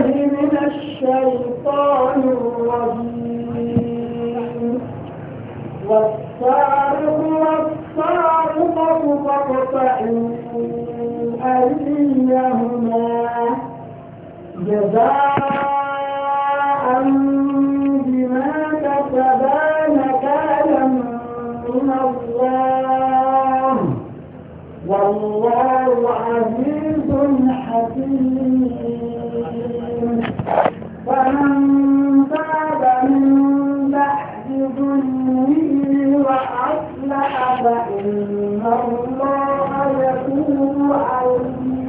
بالله من الشيطان الرجيم فاقطعوا جزاء بما كسبا نكالا من الله والله عزيز حكيم فمن تاب من بعد ظلمه وأصلح فإن الله يتوب عليه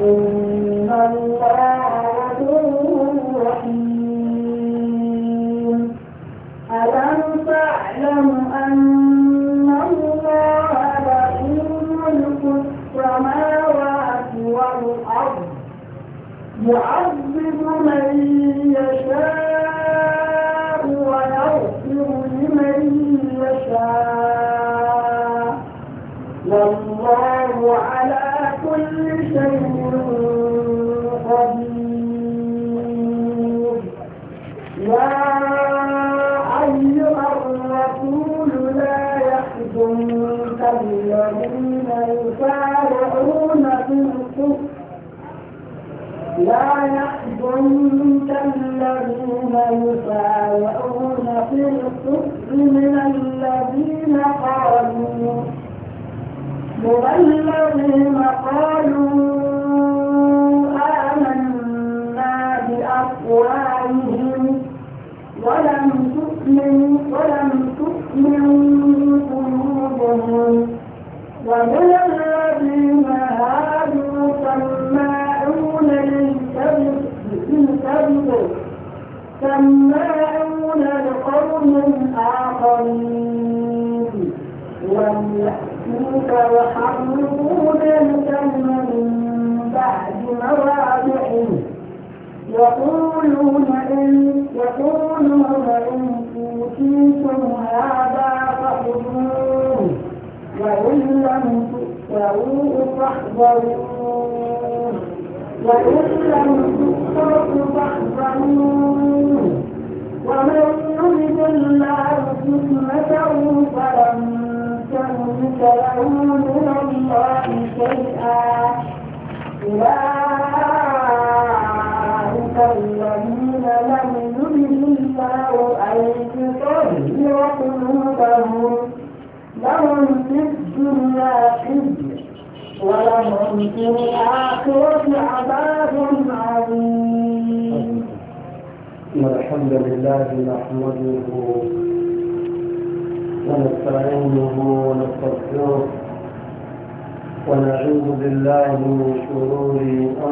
إن الله غفور رحيم ألم تعلم أن الله له ملك السماوات والأرض يعلم يسارعون في الكفر من الذين قالوا والذين قالوا آمنا بأقوالهم ولم تؤمن ولم تؤمن قلوبهم ومن سماعون لقوم آخرين وليأتوك وحملون لكما من بعد مواضعه يقولون إن يقولون إن أوتيتم هذا فخذوه وإن لم تؤتوه فاحذروه وإن لم تؤتوا فاحذروه ومن يرد الله فتنته فلن تملك له من الله شيئا أولئك الذين لم يرد الله أن يطهر قلوبهم لهم في الدنيا خزي ولهم في الآخرة عذاب عظيم الحمد لله نحمده ونستعينه ونستغفره ونعوذ بالله من شرور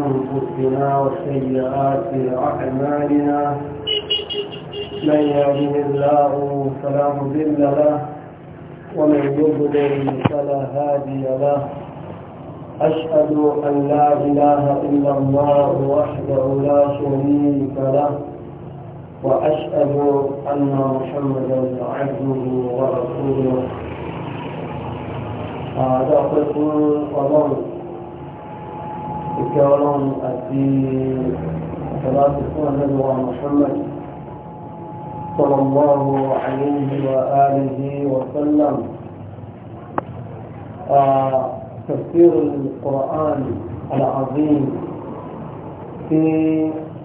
أنفسنا وسيئات أعمالنا من يهده الله فلا مضل له ومن يضلل فلا هادي له أشهد أن لا إله إلا الله وحده لا شريك له وأشهد أن محمدا عبده ورسوله هذا قسم قرآن الكرم في صلاة النبي محمد صلى الله عليه وآله وسلم آه تفسير القرآن العظيم في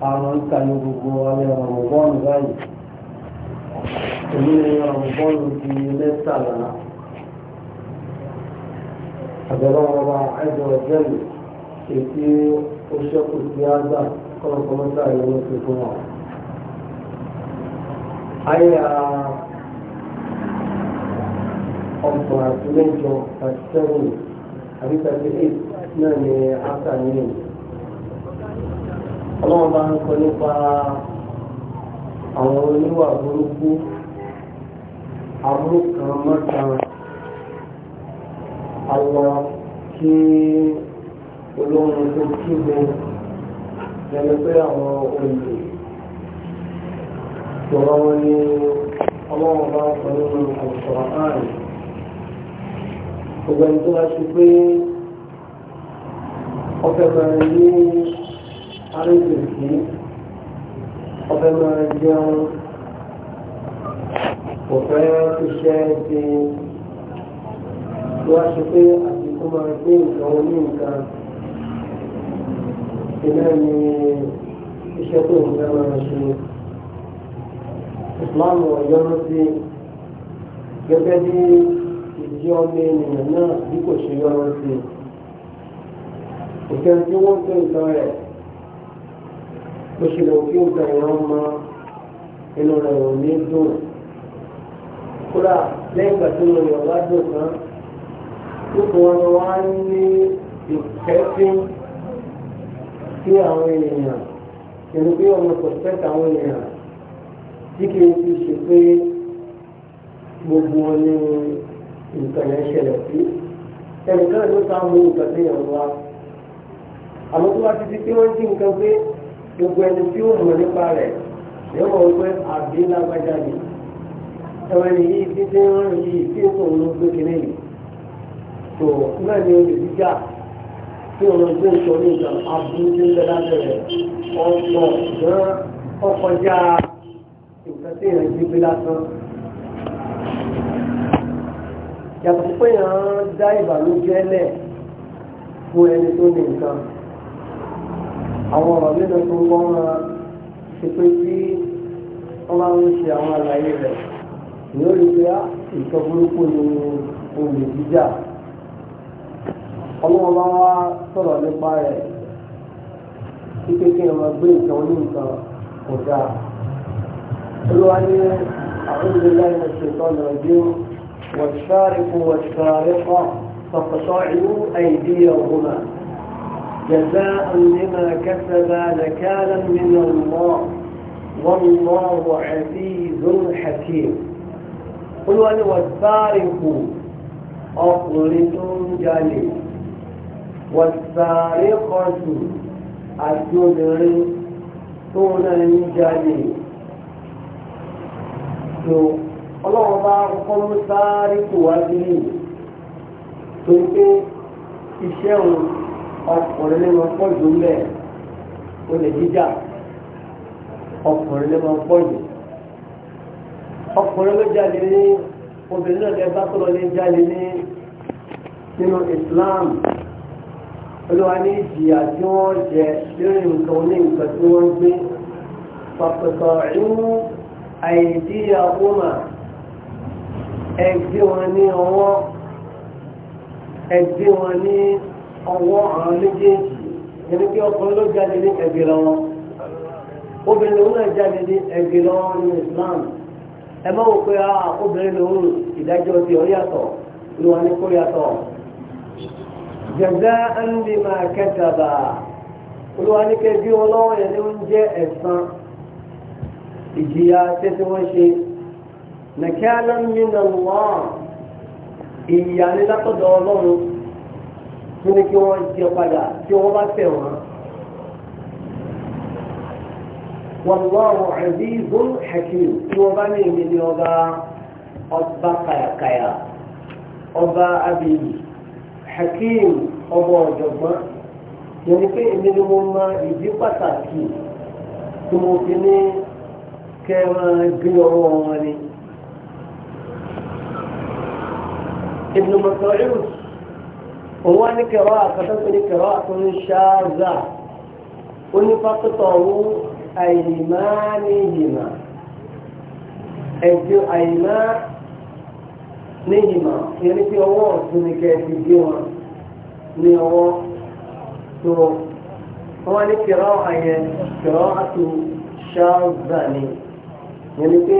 عمل كان على رمضان غاي من رمضان في لسالة هذا الله عز وجل في أشق السياسة قال قمت أن يوصفها أي أمر أتمنى أستغني àbí thirty eight náà ni after noon ọlọ́run bá ń sọ nípa àwọn oníwà burúkú amúkan mọ́ta àwọn kí olóhùn tó kígbe lẹ́nu pé àwọn olè sọ̀rọ̀ wọn ni ọlọ́run bá ń sọ nínú àwùjọ àárín gbogbo ẹni tó wá ṣe pé ọfẹ máa ní arégbèsí ọfẹ máa jẹun kò fẹ́ iṣẹ́ ṣe tó pé àti kó máa gbé nǹkan oní nǹkan iná ni iṣẹ́ tó ń fẹ́ máa ṣe ìsìláàmù ọ̀yọ́rọ́ sí gẹ́gẹ́ bí jẹ́ ọmọ ènìyàn náà bí kò ṣe yọrọ sí i òkè tí wọ́n gbé nǹkan rẹ̀ ó ṣe lọ kí nǹkan ìran mọ inú rẹ̀ ò ní dùn kódà lẹ́yìn ìgbà tí mo yọ̀ wá kan nípa wọn ni wọ́n ní ìkẹ́sìn sí àwọn ènìyàn ìlú bí ọmọ pọ̀sẹ̀tì àwọn ènìyàn tí kì í fi ṣe pé gbogbo wọn ní nǹkan yẹn ṣẹlẹ̀ sí ẹnìkan ló ta mú nǹkan tó yàn wá àmọ́ tó wá ti di pé wọ́n jí nǹkan pé gbogbo ẹni tí ó mọ̀ nípa rẹ̀ yóò mọ̀ pé àbí lágbájá ni ẹ̀wọ̀n ni yìí tí tí wọ́n rí yìí tí èso òun ló gbé kiri yìí tó náà ni olè tí òun gbé nǹkan ní nǹkan aburú tí ń bẹ lábẹ́rẹ̀ ọ̀pọ̀ gan ọkọjá nǹkan tí ìrìn jí gbé lásán yàtọ̀ pé yàn án dá ìbànújẹ́ lẹ̀ fún ẹni tó ní nǹkan àwọn ọ̀rọ̀ nínú tó ń wọ́n máa ṣe pé tí wọ́n máa ń ṣe àwọn àlàyé rẹ̀ ní orí pé ah, ìtọ́ burúkú ni olè jíjà ọlọ́wọ́n bá wá sọ̀rọ̀ nípa rẹ̀ kíkẹ́ kí ẹ máa gbé nǹkan ní nǹkan kò dáa olúwa ní àwọn ìlú láì lọ ṣètọ́ lọ́ọ́ والشارق والشارقة فاقطعوا أيديهما جزاء لما كسبا نكالا من الله والله عزيز حكيم قل وأن والسارق اقلتم جليل والسارقة الجدر طولا جليل ọlọ́run bá kọ́kọ́ mú sáré kò wá sí ní torí pé iṣẹ́ òun ọkùnrin lè máa pọ̀ jù mẹ́ olè jíjà ọkùnrin lè máa pọ̀ jù ọkùnrin ló jáde ní obìnrin náà lè bá tọ́lọ́ lè jáde ní nínú Islam olúwa ní ìjìyà tí wọ́n jẹ lórí nǹkan oní nǹkan tí wọ́n gbé pàpẹ̀tọ̀ ìwú àìdíyà ọmọ ẹgbẹ́ wọn ní ọwọ́ ẹgbẹ́ wọn ní ọwọ́ àwọn méjèèjì ẹni pé ọkùnrin ló jáde ní ẹgbẹ́ lọ́wọ́ obìnrin lòun náà jáde ní ẹgbẹ́ lọ́wọ́ nínú Islam ẹ má wò pé ah, obìnrin lòun ìdájọ́ ti ọ̀ yàtọ̀ ló wà ní kó yàtọ̀ jẹ̀dá ń bí máa kẹ́tàbà olúwa bí wọn lọ́wọ́ yẹn ló ń jẹ́ ẹ̀san ìjìyà tẹ́tí ṣe nàkẹ́lá nínú wọn ìyànilátọ̀dọ̀ ọlọ́run tó ní kí wọ́n jẹ padà tí wọ́n bá tẹ̀ wọ́n. wàlúwàhùn àdìgún hakim tí wọ́n bá ní èmi ní ọba ọba kàyàkàyà ọba abiy hakim ọba ọ̀jọ̀gbọ́n yẹn ni pé èmi ni mo mọ ìdí pàtàkì tí mo fi ní kẹrin gbé ọwọ́ wọn ni. ابن مسعود هو ان قراءة فتنقل قراءة شاذة قل فقطعوا أيمانهما ẹjọ́ àìmá ní ìmọ̀ yẹn ní pé ọwọ́ ọ̀tún ní kẹfì bí wọn ní ọwọ́ tó wọn ní kẹrọ àyẹ kẹrọ àti ṣáàzà ni yẹn ní pé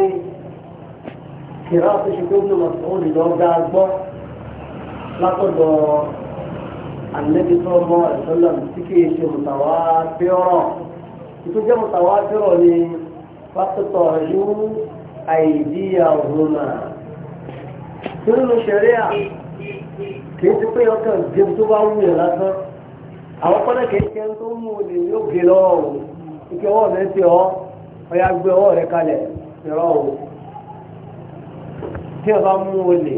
kẹrọ àti ṣùgbọ́n ní màsán olùdọ́gba gbọ́ látọ̀dọ̀ ànẹ́bí tó mọ́ ìṣọ́lá tí kì í ṣe mùtàwá fẹ́rọ̀ tó jẹ́ mùtàwá fẹ́rọ̀ ni pásítọ̀ yú àìdíyà òhunà tó nínú ṣẹ̀ríà kì í ti pé ọkàn jẹ́ tó bá wù yẹn lásán àwọn kọ́lẹ̀ kì í ṣe tó mú olè yóò gé lọ́wọ́ o ike ọwọ́ rẹ ti ọ ọya gbé ọwọ́ rẹ kalẹ̀ ìrọ̀ o tí ọba mú olè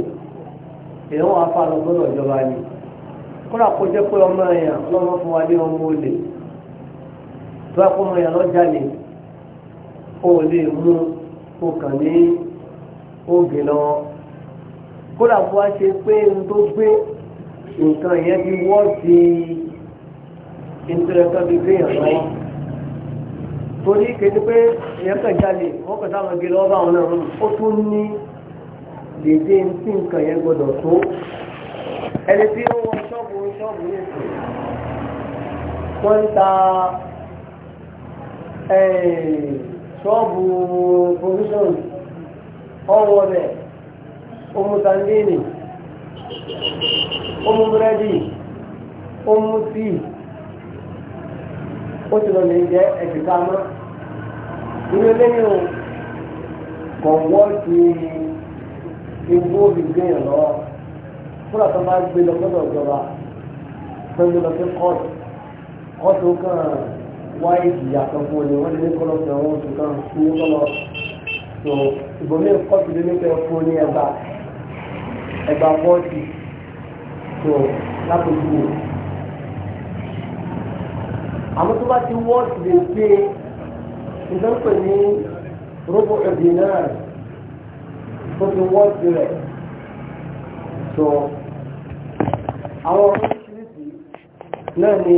èèyàn wà fà lọ gbọ́dọ̀ ìjọba ni kódà kó jẹ́ pé ọmọ èèyàn lọ́mọ fún wa ní ọmọ olè tó bá kó ọmọ èèyàn lọ́jà lè ó lè mú o kàn ní oògùn lọ kódà kó wá ṣe pé n tó gbé nǹkan yẹn bí wọ́n ti ìtúrẹ́kọ́ bí gbéyàn lọ́wọ́ torí kéde pé èèyàn kàn jalè wọ́n kàn sáwọn gbé lọ́wọ́ báwọn náà ó tún ní dédé tí nǹkan yẹn gbọdọ̀ tó ẹni tí ó wọ ṣọ́ọ̀bù ṣọ́ọ̀bù ní ìsìn wọ́n ń ta ṣọ́ọ̀bù provision ọwọ́ rẹ̀ ohun tàndínì ohun búrẹ́dì ohun tíì ó ti lọ lè jẹ́ ẹ̀kẹ́ká mọ́ ilé ni ó ti ewu omi gbẹ̀yìn lọ fúnra tó máa gbé lọ gbọ́dọ̀ ìjọba pẹ̀lú lọ sí kọ́ọ̀tù kọ́ọ̀tù kan wáyé ìyá kan fún ni wọ́n lè ní kọ́lọ́ fún àwọn oṣù kan fún ní kọ́lọ́ tó ìbòmí kọ́ọ̀tù lè ní kẹ́ fún ní ẹgbà ẹgbà pọ́ọ̀tù tó lápòjú mi. àmọ́ tó bá ti wọ́ọ̀tù lè gbé ìdánpẹ̀ ní rọ́bọ̀ ẹ̀dín tó fi wọ́n ti rẹ̀ tó àwọn oríṣiríṣi náà ni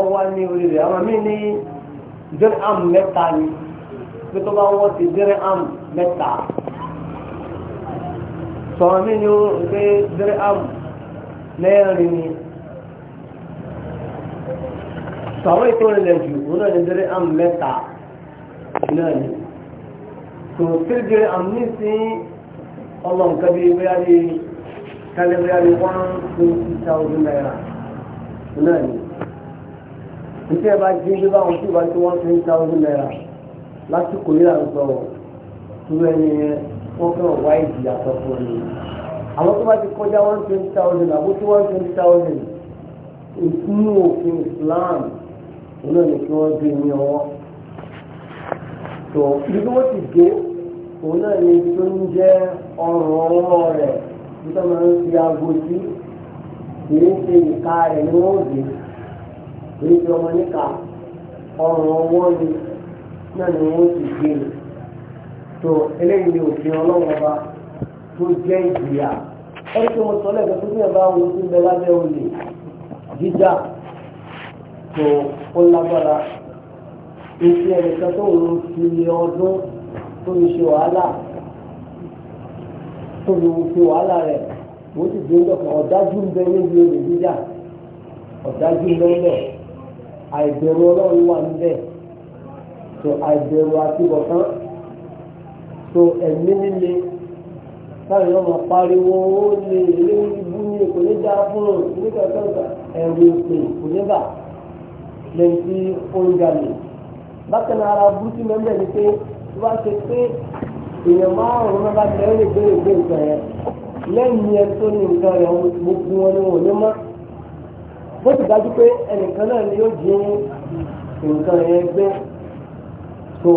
ọwá ní orí rẹ̀ àwọn míì ní dẹ́rẹ́ àm mẹ́ta ni pé tó bá wọ́n ti dẹ́rẹ́ àm mẹ́ta tó àwọn míì ní pé dẹ́rẹ́ àm mẹ́rin ni tọ̀wọ́ ètò ìrìnlẹ̀ jù òun náà ni dẹ́rẹ́ àm mẹ́ta náà ni tòun tí dẹ́rẹ́ àm ní sí ọmọ nǹkan bíi bóyá ní kálí bóyá ní one twenty thousand naira náà ni ìṣe ẹ bá jí bí báwọn tí ìbá tí one twenty thousand naira lásìkò yìí là ń sọ turu ẹni yẹn wọ́n fẹ́ wá ìdí àtọ́fọ́ ni àwọn tó bá ti kọjá one twenty thousand àbó tí one twenty thousand ìsinú òfin Islam òun náà ni kí wọ́n gbé ní ọwọ́ tó ibi tí wọ́n ti gbé òun náà ni tó ń jẹ́ ọrùn ọwọ́ rẹ̀ bí tó máa ń fi aago sí kìí ṣe ìka rẹ̀ ní wọ́n gbé kìí ṣe ọmọ níka ọrùn ọwọ́ ni náà ni wọ́n ti gbé e tó eléyìí ni òfin ọlọ́wọ́ bá tó jẹ́ ìjìyà ẹni tó mo sọ lẹ́gbẹ̀ẹ́ tó ní ẹ̀bá ohun tí ń lábẹ́ olè jíjà tó ó lágbára iṣẹ́ ẹnìkan tó ń fi ọdún tó ń ṣe wàhálà tó ń ṣe wàhálà rẹ̀ wọ́n sì dé lọ́kàn ọ̀dájú ń bẹ níbi olè jíjà ọ̀dájú ń bẹ níbẹ̀ àìbẹ̀rù ọlọ́run wà níbẹ̀ tó àìbẹ̀rù àtibọ̀tán tó ẹ̀mí líle káyọ̀ ọmọ pariwo ó lè lé ibú ní kò ní dá fún un nígbà tó ẹ̀rù ìpè kò ní bà lẹ́yìn tí ó ń jalè bákan náà ara burúkú mẹ́mẹ́ ni pé bá ṣe pé èèyàn márùn-ún náà bá tẹ̀ ẹ́ lè gbé ìgbé nǹkan yẹn lẹ́yìn ẹ tó ní nǹkan yẹn gbogbo wọn ni wọn ò ní mọ́ bó ti dájú pé ẹnìkan náà ni yóò jí nǹkan yẹn gbé tó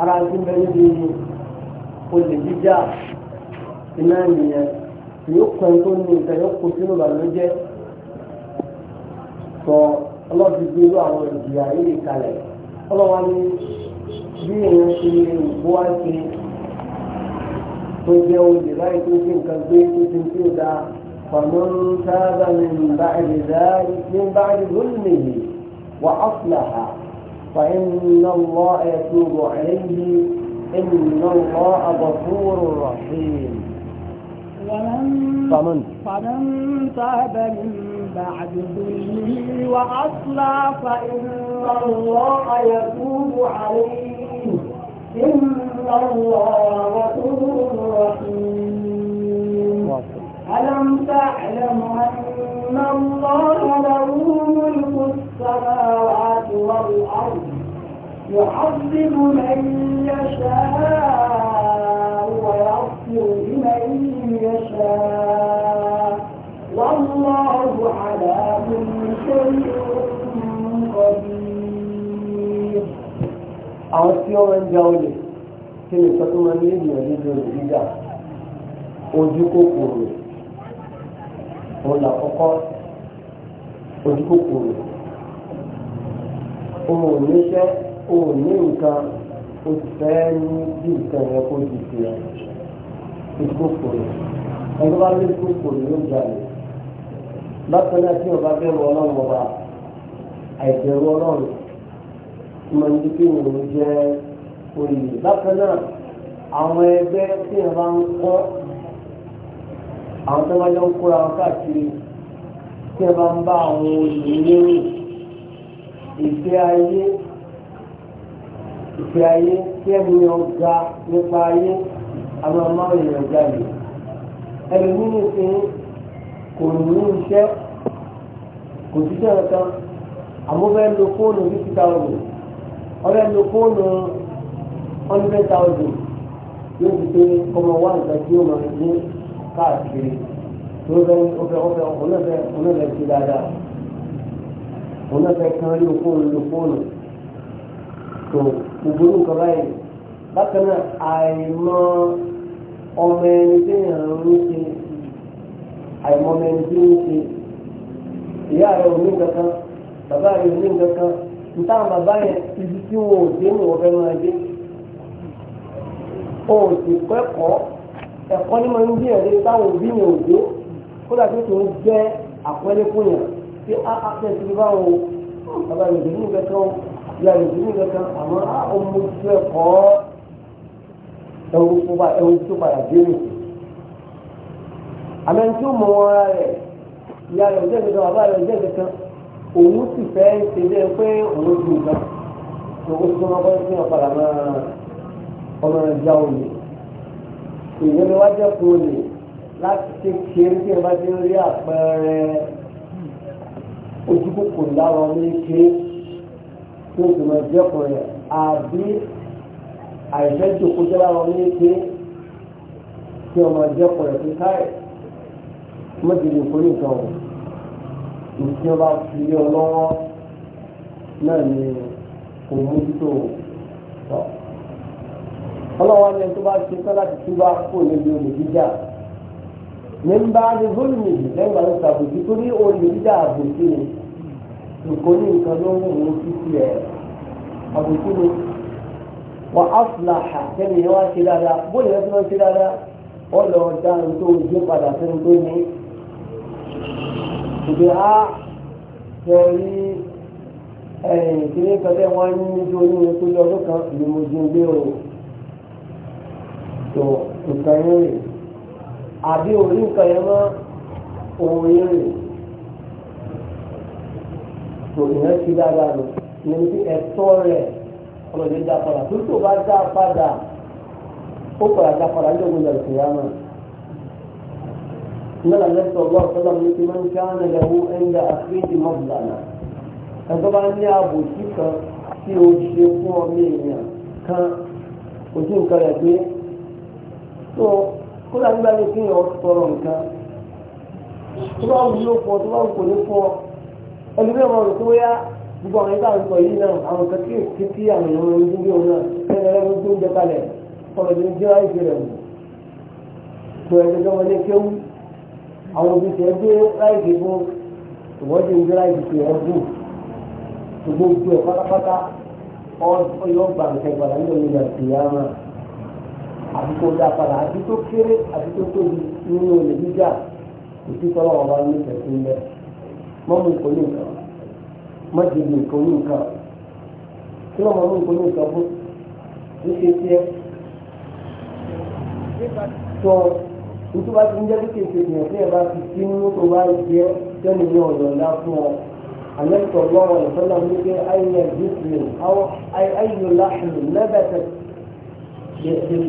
ara ti bẹ níbi olè jíjà iná nìyẹn yóò kàn tó ní nǹkan yóò kó sínú ìbànújẹ́ tó ọlọ́ọ̀dì gbé irú àwọn ìjìyà yìí kalẹ̀ ọlọ́wà ní. فمن تاب من بعد ذلك من بعد ظلمه وأصلح فإن الله يتوب عليه إن الله غفور رحيم فمن فمن تاب من بعد ظلمه وأصلح فإن الله يتوب عليه إن الله غفور رحيم ألم تعلم أن الله له ملك السماوات والأرض يعذب من يشاء ويغفر لمن يشاء والله على كل شيء قدير àwọn tí ó máa ń ja olè kí ni nǹkan tó máa ń lé ènìyàn nínú olè jíjà ojú kòkòrò òun làkọ́kọ́ ojú kòkòrò òun ò níṣẹ́ òun ò ní nǹkan o ti fẹ́ ní bí nǹkan yẹn kó di tiẹ̀ ojú kòkòrò ẹni bá lé kòkòrò yóò jalè bákan náà tí o bá bẹ̀rù ọlọ́run ọba àìbẹ̀rù ọlọ́run máa ń di kí òun jẹ oyè bákan náà àwọn ẹgbẹ́ tí wọ́n bá ń kọ́ àwọn tó bá jọ ń kóra wọn káàkiri tí wọ́n bá ń bá àwọn olè lérò ìfẹ́ ayé ìfẹ́ ayé tí ẹ̀mí ọ̀gá nípa ayé àwọn ọmọ èèyàn jáde ẹlòmínú ti kò ní iṣẹ́ kò síṣẹ́ kankan àmọ́ fẹ́ lo fóònù fifty thousand ọ̀rẹ́ lo fóònù hundred thousand yóò fi pé ọmọ wa nǹkan tí ó máa ní káàkiri tó fẹ́ ọfẹ́ ọfẹ́ ọ̀nàfẹ́ ọ̀nàfẹ́ ti dáadáa ọ̀nàfẹ́ kan lo fóònù lo fóònù tó gbogbo nǹkan báyìí bákan náà àìmọ̀ ọmọ ẹni tí yàn ń ṣe àìmọ̀ ọmọ ẹni tí ń ṣe ìyá rẹ̀ ò ní nǹkan kan bàbá rẹ̀ ò ní nǹkan kan níta bàbá yẹn ibi tí wọn ò dé ní wọn fẹ́ máa dé wọn ò sì kẹ́kọ̀ọ́ ẹ̀kọ́ ní máa ń gbìyànjú táwọn òbí yẹn ò dé kódà tó tó ń jẹ́ àpẹẹrẹ fún yẹn tí a kẹ́ sí báwọn bàbá yẹn òdì ní kankan ìyá yẹn òdì ní kankan a ò mú ah, ju ẹ̀kọ́ ẹ̀wù tó padà dé nì. àmọ́ ẹni tó mọ̀ wọn rẹ̀ ìyá yẹn òdì ní kankan bàbá yẹn òdì ní kankan òun sì fẹ́ ṣe jẹ́ pé òun ju nǹkan òun tó máa bọ́lá sí ọ̀padà máa ọmọ rẹ̀ já òun ìyẹn ni wá jẹ́ kó lè láti ṣe kéré tí ẹ bá ti rí àpẹẹrẹ ojú kòkò lára ní ké tí o sì máa jẹ́ kó rẹ̀ àbí àìfẹ́ jòkó jẹ́ lára ní ké tí ọmọ jẹ́ kó rẹ̀ fi káyẹ̀ mọ́tò lè kó o ìṣe ọba fi lé ọ lọ́wọ́ náà ni kò mójútó tọ́. ọlọ́wọ́ ni tó bá ṣe tán láti túbá kó níbi olè jíjà nígbà ní gómìnà yìí lẹ́yìn ìgbà tó ṣàbòsí tó ní olè jíjà àbòsí ni nǹkan ní nǹkan ló ń mú òun títí ẹ̀ àbòsí ni wà á fìlà hà kẹ́mi ni wọ́n ṣe dáadáa bóyá ẹ̀ fún wọn ṣe dáadáa wọ́n lọ dáhùn tó ń padà sẹ́ni tó ní ìgbé á sọ rí ẹ̀yìn ìdílé kan tẹ́ wọ́n ní níjú orí mi tó lọ ọdún kan ni mo jí gbé o tó nǹkan yín rè àbí orí nǹkan yẹn mọ́ òun yín rè tó ìyẹn ti dáadáa lọ ní ti ẹ̀tọ́ rẹ̀ ọlọ́dẹ dá padà tó tó bá dá padà ó padà dá padà ní ògùn ìyàwó ìyá náà náà lẹ́sọ̀ ọgbọ́n ọ̀sọ́dọ̀ ní ti máa ń ká nàlẹ́wọ́ ẹ̀ńdà àfíìsì mọ́bùlánà ẹ̀tọ́ bá ní àbòsí kan tí o ṣe fún ọmọ èèyàn kan ojú nǹkan rẹ̀ gbé tó kódà nígbà tó kí èèyàn sọ̀rọ̀ nǹkan tó bá wúlò fún ọ tó bá kò ní fún ọ ẹlòmíràn máa rò pé wáyà gbogbo àwọn ẹgbẹ́ àwọn yìí náà àwọn kan kí àwọn èèyàn máa ń dúró òun náà kẹ́lẹ́ rẹ́ gbogbo oúnjẹ kalẹ̀ ọ̀rọ̀ ìdíjẹ́ láì fi rẹ̀ wò tó ẹgbẹ́ tó wọlé kéwú àwọn òbí tẹ gbé láìsí fún ìwọ́dí ń gbé láìsí fún ọdún tó gbogbo ẹ̀ pátápátá ọyọ́ gbà nǹkan ìgbàlá nínú ìlú ìyáma àti tó dá padà àti tó kéré àti tó tóbi nínú ìlú gíga ìtí tọ́lọ́ wọn bá ní ìtẹ̀sí ń bẹ̀ mọ́mú nǹkan ní nǹkan mọ́jèlé nǹkan ní nǹkan kí wọ́n mọ́mú nǹkan ní nǹkan fún ní ṣe tiẹ́ tó nítorí wá ti ń jẹ́ kékeré ìyẹn tí ẹ bá ti kí mú tó bá jẹ́ sẹ́ni ní ọ̀dọ̀ ńlá fún ọ. àlẹ́kọ̀ọ́ lọ́wọ́ ìfọ́nà ní pé ayé jùlọ àwọn ayé láàrin lẹ́bẹ̀tẹ̀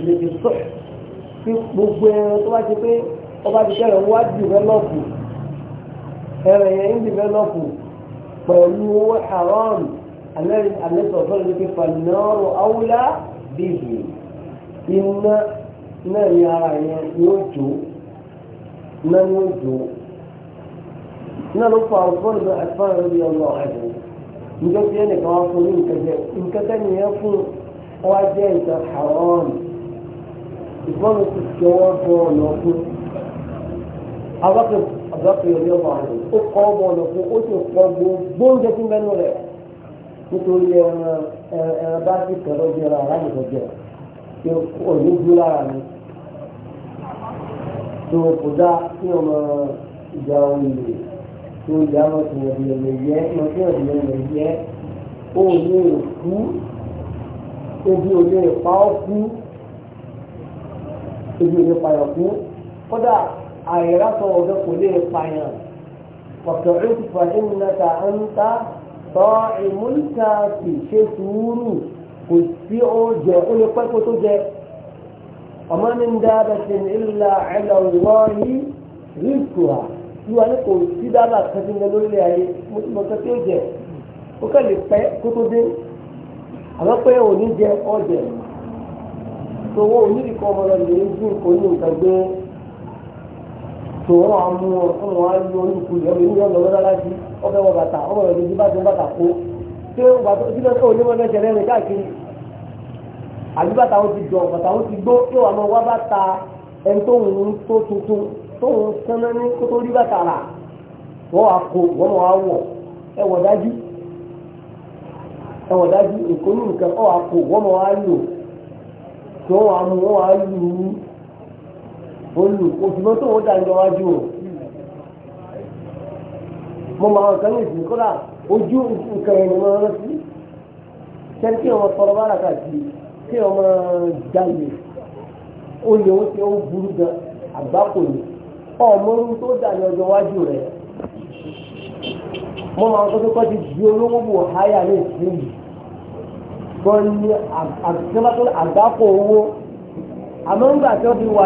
lè sọ̀ kí gbogbo ẹran tó bá ti pé ọba ti kẹrẹ̀ wá dìvẹ́lọ́pù ẹran yẹn ń dìvẹ́lọ́pù pẹ̀lú owó haram àlẹ́kọ̀ọ́ fọ́nà ní pé fanáàrọ̀ awúlá bìbì iná náà ní ara yẹn yóò jó náà ní yóò jó náà ló fa ọgbọ́n ìgbà àti fáwọn ẹ̀rọ yẹn lọ ẹ̀dùn níjọ́ tí ẹnìkan wá fún ní nǹkan jẹ nǹkan tẹ́ni yẹn fún wá jẹ́ nǹkan haram ìbọn ti jọwọ́ bọ́ ọ̀nà fún abákẹ́ abákẹ́ yẹn lọ́wọ́ àrùn ó kọ́ bọ́ ọ̀nà fún ó sì pọ̀ gbogbo oúnjẹ tí ń bẹ́nu rẹ̀ nítorí ẹran ẹran bá ti kẹ̀rọ jẹra aláìsọ jẹ òní dúró lára mi tó kò dá kí ọmọ ìjà òye tó ìjà ọmọ tìyàn tìyàn lè yẹ ọmọ tìyàn tìyàn lè yẹ ó lè kú ebi ò lè pa ọ́ kú ebi ò lè pa yàn kú kódà àìrásọ ọ̀dọ́ kò lè pa yàn ọ̀tọ̀ ìfà ìmúnata ń ta ọmọ ní دابة إلا على wọ́ọ̀yì rìkùhà tí wọ́n ní kò sí dábàá kẹ́tí ní lórílẹ̀ ayé mo sọ pé ó jẹ ó kẹ́ lè pẹ́ kó tó dé àmọ́ pé òní jẹ ọ̀jẹ̀ tó wọ́n onídìí kan ọmọ rẹ̀ lè ń dín kò ní nǹkan gbé tòun àwọn mú wọn fún wọn á yọ olùkú yọ bí wọn lọ lọ́dọ́ láti ọbẹ̀ wọ bàtà ọmọ rẹ̀ lè dín bàtà kó ṣé òun bàtà ojú lọ́sẹ̀ òní mọ́ àbí bàtà ó ti jọ bàtà ó ti gbó yóò wà máa wá bàtà ẹni tó ń tó tuntun tó ń sẹ́nà ní kótó rí bàtà rà wọ́n wá kó wọ́n wá wọ̀ ẹ wọ̀ dájú ẹ wọ̀ dájú èkó ní nǹkan ọ̀ wá kó wọ́n wá lò tí wọ́n wá mú wọ́n wá lù ú olù òṣùmọ́ tó wọ́n dà ní ọwájú o mo máa nǹkan ní ìsìn kọ́lá ojú nǹkan ẹ̀ ní wọ́n rántí sẹ́ńtì ọmọ sọ̀rọ̀ bá rà káàkiri. tí ọmọ jalè ó lè ó ti ó burú gan àgbákò ni ọmọ orun tó dà ní ọjọ́ iwájú rẹ̀ mo máa ń kọ́kọ́ ti di olówó wò háyà ní ìsìn yìí gan ni àgbákò owó àmọ́ ńgbà tí wọ́n fi wà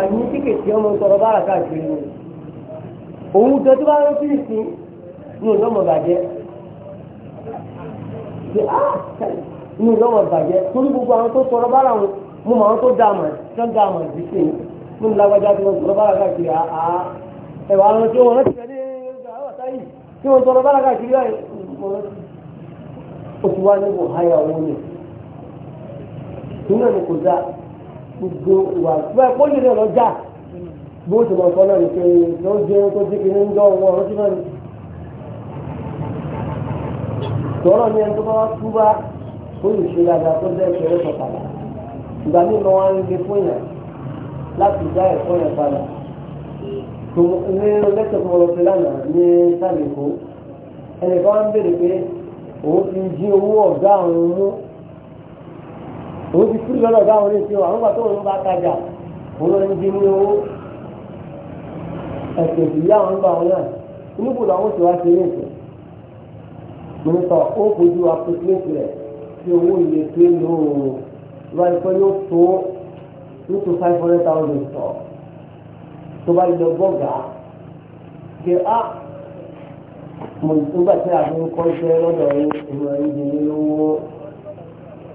ní ọmọ ìtọ́rọ bára káàkiri ni òun tó bá rán sí ìsìn ní ọjọ́ mọ̀gàjẹ́ ṣe á ah, kẹ́lẹ́. inú ìlú ọmọ ìbàjẹ́ torí gbogbo àwọn tó sọ̀rọ̀ bára wọn mo mọ àwọn tó dá àmọ̀ tó dá àmọ̀ ìdí sí i mo ní lágbájá tí wọ́n sọ̀rọ̀ bára káàkiri àá ẹ̀wà àwọn tí wọ́n rántí ẹni àwọ̀tá yìí tí wọ́n sọ̀rọ̀ bára káàkiri àyè oṣù wa ní kò háyà owó ni ìnáwó kò dá gbogbo ìwà ìgbà ìpọ́njú rẹ̀ lọ́jà bó ti tó jẹ́ ń dán owó ọ̀rọ̀ sí náà ni. sọ̀rọ̀ ni ẹni tó bá wá túbá olùṣe dáadáa tó bẹ́ẹ̀ ṣe ẹ̀rọ padà ìgbà mímọ́ wọn ń gbé fún yàn láti dá ẹ̀kọ́ yẹn padà tó ní lẹ́tọ̀ tó wọ́n fi lánàá ní sáàbì kó ẹnìkan ń béèrè pé òun ti jí owó ọ̀gá àwọn mú òun ti kúrò lọ́dọ̀ ọ̀gá àwọn oníṣẹ́ àwọn ìgbà tó òun bá tajà òun ló ń jí ní owó ẹ̀sìn ìyá àwọn ìgbà wọn náà inú kò làwọn ti wá ṣe ní ìsìn mínísọ̀ ó kojú apẹ̀sílẹ̀ tí owó iye tó ń lò ó lọ́wọ́ ìpẹ́ yóò tó yóò tó five hundred thousand sọ tó bá yọ bọ́gà ṣe á ah, mo nígbà tí a fi ń kọ́ iṣẹ́ lọ́dọ̀ yín ìmọ̀ ìdí ní lówó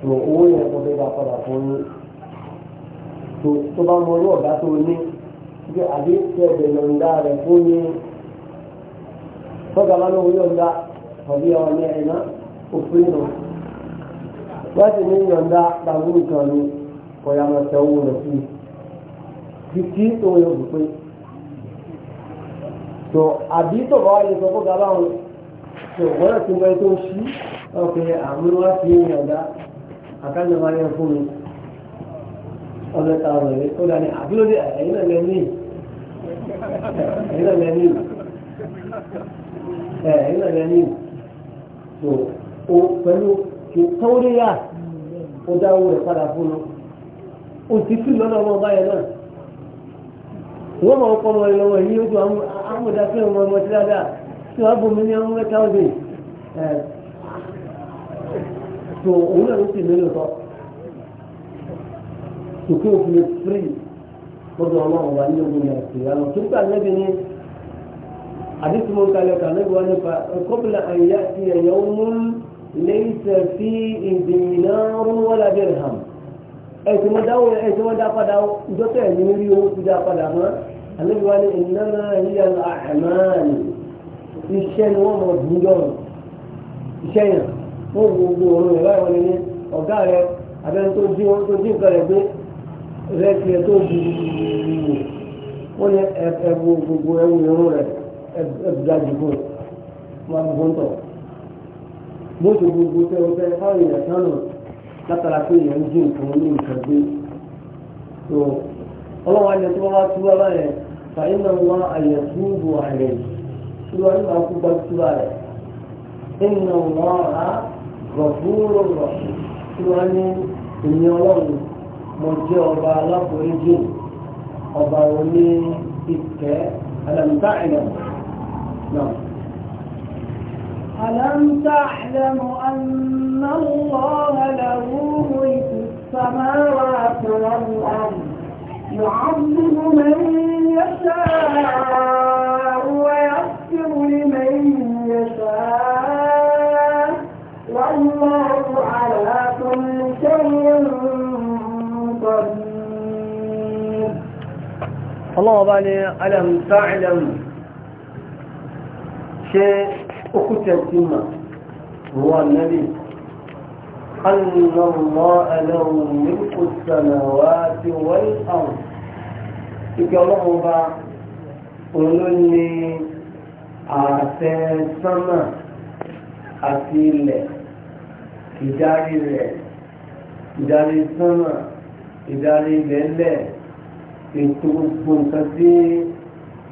tó owó yẹn kò fẹ́ dá padà fún yín tó bá mọ orú ọ̀gá tó ní ṣe àbí ṣe ẹ̀bẹ̀ yọ̀ǹda rẹ̀ fún yín tọ́jà bá lówó yọ̀ǹda tàbí ọ̀nà ẹ̀ná òfin náà wọ́n sì ní yọ̀ǹda gbàgbé nǹkan ni ọ̀yà mọ̀tẹ́ owó lọ sí i títí tó yẹ kó pé tó àbí tó bá wà lè sọ fún gàbá wọn tó wọ́n náà ti mọ ètò sí ọ̀pẹ àmúlò wá sí yọ̀ǹda àkájọ máa yẹ fún mi ọ̀nà táwọn ẹ̀rẹ́ tó dání àbúrò ní ẹ̀yìn náà lẹ́ni ẹ̀yìn náà lẹ́ni ẹ̀yìn náà lẹ́ni tó o pẹ̀lú kí tọ́wọ́dé yá ó dá owó rẹ̀ padà fún un ó ti kí lọ́dọ̀ ọmọ ọba yẹn náà wọ́n máa ń kọ́ ọmọ rẹ̀ lọ́wọ́ yìí ó ju amúdá fún ọmọ ọmọ tí dáadáa tí wọ́n á bomi ní ọmọ mẹ́ta ọ̀dẹ̀ ẹ̀ tó òun náà ló sì nílò tọ́ tòkí òfin lè firi lọ́dọ̀ ọlọ́run wa ní ogun yàrá sí àwọn tó ń gbà lẹ́bi ní àdìsí mọ́ńkálẹ̀ kà lẹ́bi wọn nípa kọ́bìlà àyà ليس فيه دينار ولا درهم ẹ̀sìn wọn dáwọ́ ẹ̀sìn wọn dá padà ìjọ́tọ̀ ẹ̀ ní rí owó ti dá padà mọ́ àlejò wa ní ìnáná yíyá àmàlì iṣẹ́ ni wọ́n mọ̀ bùjọ́rùn iṣẹ́ yẹn wọ́n gbogbo òun ẹ̀rọ ẹ̀wọ̀n ni ọ̀gá rẹ abẹ́rẹ́ tó dín wọn tó dín nǹkan rẹ̀ gbé rẹ̀ tiẹ̀ tó di wọ́n ní ẹ̀ẹ́dẹ́gbogbo ẹ̀wù ìrún rẹ̀ ẹ̀ẹ́dẹ́gbogbo máa gbóńtọ̀. bó ṣe gbogbo tẹ o fẹ́ fáwọn èèyàn sánà látara pé èèyàn jí nǹkan ní nǹkan gbé tó ọlọ́wọ́ ayẹ tó wá túbọ̀ báyẹn fàyín náà wá ayẹ túbọ̀ ayẹ túbọ̀ nígbà kú gbọ́ túbọ̀ rẹ̀ ìnà wọ́n á rọ̀ ní ọlọ́run jẹ́ ọba aláforíjì ọba oní ìtẹ́ àdàmúta ìlànà náà. ألم تعلم أن الله له ملك السماوات والأرض يعظم من يشاء ويغفر لمن يشاء والله على كل شيء قدير الله أبالي ألم تعلم شيء òkúta ti mà wọ́n nẹ́bí anàmọ́ ẹlẹ́wọ̀n ní kùsànàwá ti wọ́n àwọn ìgbẹ́ ọlọ́run bá òun ló ní àtẹ sánmà àti ilẹ̀ ìdarí rẹ̀ ìdarí sánmà ìdarí ilẹ̀ ńlẹ̀ ètò gbogbo nǹkan tí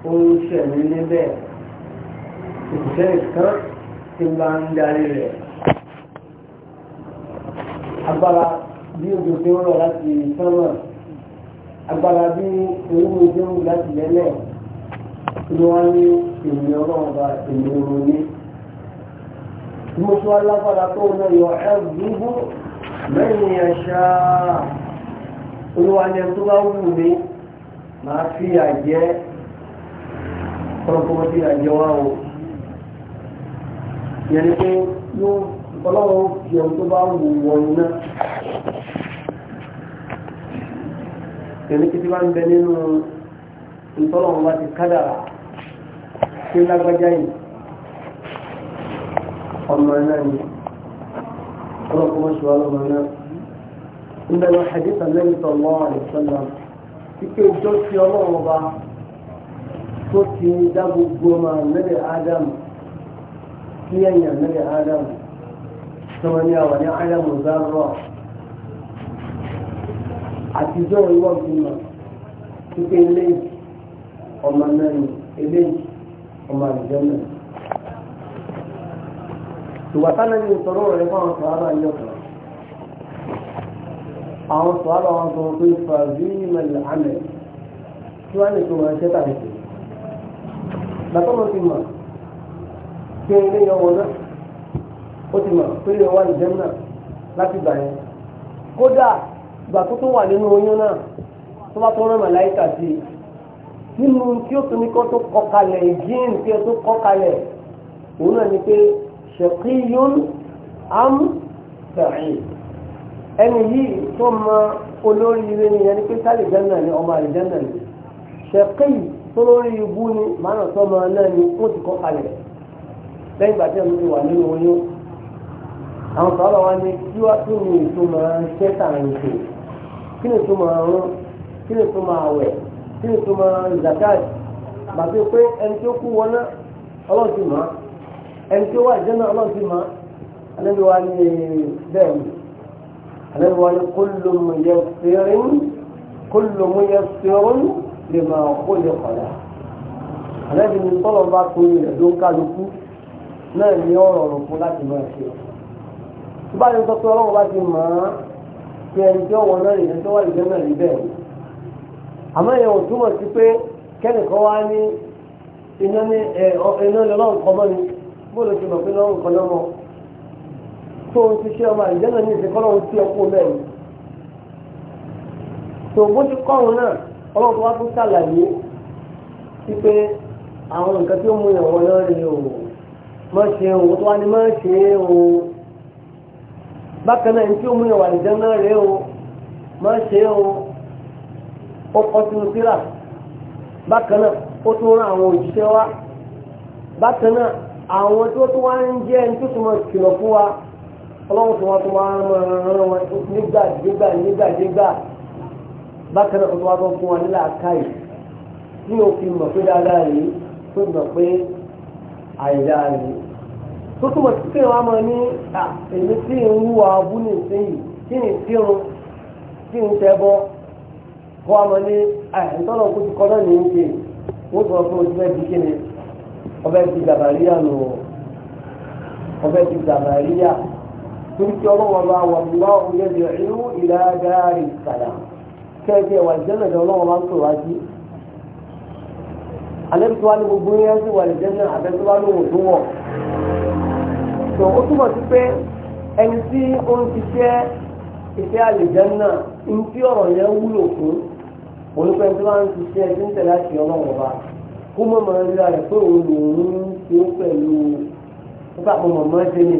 ó ń ṣẹ̀mí níbẹ̀ òṣìṣẹ́ kan tí bá ń darí rẹ̀ agbára bí ojú tí ó rọ̀ láti sánmà agbára bí orúkọ tí ó rù láti lẹ́lẹ̀ ni wọ́n ní èmi ọlọ́run bá èmi ọ̀rọ̀ ní mo tún alágbára tó náà yẹn ni pé yóò ọlọ́run fi ohun tó bá wù wọ iná yẹn ni pé tí bá ń bẹ nínú ìtọ́lọ́run bá ti kádàrà tí lágbájá yìí ọmọ náà ni ọlọ́pọ̀ mọ́ṣù ọlọ́mọ náà ń bẹ̀rẹ̀ hadita lẹ́yìn tó lọ́wọ́ àìsọ́nà ike ìjọ sí ọlọ́run ọba tó ti dá gbogbo ọmọ àlẹ́lẹ̀ ádámù kíyàn yàn lórí ádámù tí wọ́n ní àwọn ní ádámù zárọ̀ àtijọ́ ìwọ́ bímọ pípé eléyìí ọmọ náà ni eléyìí ọmọ àjọ náà tùwàtánà ní ìsọ̀rọ̀ rẹ̀ fún àwọn sọ̀rọ̀ àyọ̀ kan àwọn sọ̀rọ̀ àwọn sọ̀rọ̀ pé fàbí mẹ́lẹ̀ àmẹ́ tí wọ́n á lè tó wọn ṣẹ́ta ìṣẹ̀lẹ̀ látọ́mọ̀ ti mọ̀ pé ilé yẹn wọ náà ó ti mọ̀ pé ilé wà ní jẹ́mínà láti gbà yẹn kódà ìgbà tó tún wà nínú oyún náà tó bá tún rán màláìkà sí i nínú tí ó tún ní kó tó kọ kalẹ̀ ìjíìn tí ó tún kọ kalẹ̀ òun náà ni pé ṣèkíyún am sa'id ẹni yìí tó mọ olórí ire ni ẹni pé sálẹ̀ jẹ́mínà ni ọmọ àlìjẹ́mínà ni ṣèkíyì tó lórí ibú ni màánà tó mọ náà ni ó ti kọ kalẹ̀ lẹ́yìn ìgbà tí ẹ̀mí ti wà nínú oyún àwọn sọ̀rọ̀ wa ní kí wá tó ní ìtumọ̀ iṣẹ́ tààrin ìṣe kí ni ìtumọ̀ ọ̀run kí ni ìtumọ̀ àwẹ̀ kí ni ìtumọ̀ zakat bàbá pé ẹni tó kú wọn náà ọlọ́run ti mọ̀ ẹni tó wà jẹ́ náà ọlọ́run ti mọ̀ alẹ́ wa ní bẹ́ẹ̀ ni alẹ́ wa ní kullu muyassarin kullu muyassarin lè máa kó lè kọ̀dà alẹ́ bí mi tọ́lọ̀ bá tó ní ẹ̀dọ́ kálukú náà ni ó rọrùn fún láti máa ṣe tó bá yẹ sọ pé ọlọ́run bá ti mọ̀ ọ́n kí ẹni tí ọwọ́ náà rèé tó wà lè jẹ́ náà rí bẹ́ẹ̀ ni àmọ́ ìyẹn ò túmọ̀ sí pé kẹ́nìkan wá ní iná ní iná lọ́rùn kan mọ́ ni bóòlù ti mọ̀ pé lọ́rùn kan náà mọ́ tó o ti ṣe ọmọ àìjẹ́ náà ní ìsìnkọ́ lọ́run tí ọkùnrin bẹ́ẹ̀ ni tó bó ti kọ́ òun náà ọlọ́run mọ́ ṣe òun tó wá ní mọ́ ṣe òun bákan náà ní tí ó mú ìwà ìdáná rẹ̀ o mọ́ ṣe òun ó kọ́ sínú síra bákan náà ó tún rán àwọn òjíṣẹ́ wá bákan náà àwọn tó tún wá ọlọ́run tó wá tó wá rán wọn nígbà nígbà nígbà nígbà bákan tó wá tó fún wa nílà káyì tí o fi mọ̀ pé dáadáa rèé tó mọ̀ pé àìdáa rèé. tó túbọ̀ tí pé wọ́n á máa ní à èmi tí ń wúwa ọbú ní ìsinyìí tí ń fírun ń tẹ́bọ́ kó wọ́n á máa ní kó ti kọ́ náà ní ìṣe wọ́n sọ fún ojú fẹ́ di kíni ọbẹ̀ ti gàbàríyà nù ọbẹ̀ ti gàbàríyà torí kí ọlọ́wọ́ bá wà lọ́ òye lè wà jẹ́nà ọlọ́wọ́ bá ń alẹ́ ní gbogbo yẹn sí wà tó ó túmọ̀ sí pé ẹni tí ó ń ṣiṣẹ́ ìfẹ́ àlejò náà ń tí ọ̀rọ̀ yẹn wúlò fún òun pé tí wọ́n ń ṣiṣẹ́ tí ń tẹ̀lé àti ọlọ́run ọba kó mọ̀ máa ń ríra rẹ̀ pé òun lòun ń ṣe ó pẹ̀lú nípa àwọn mọ̀mọ́ délé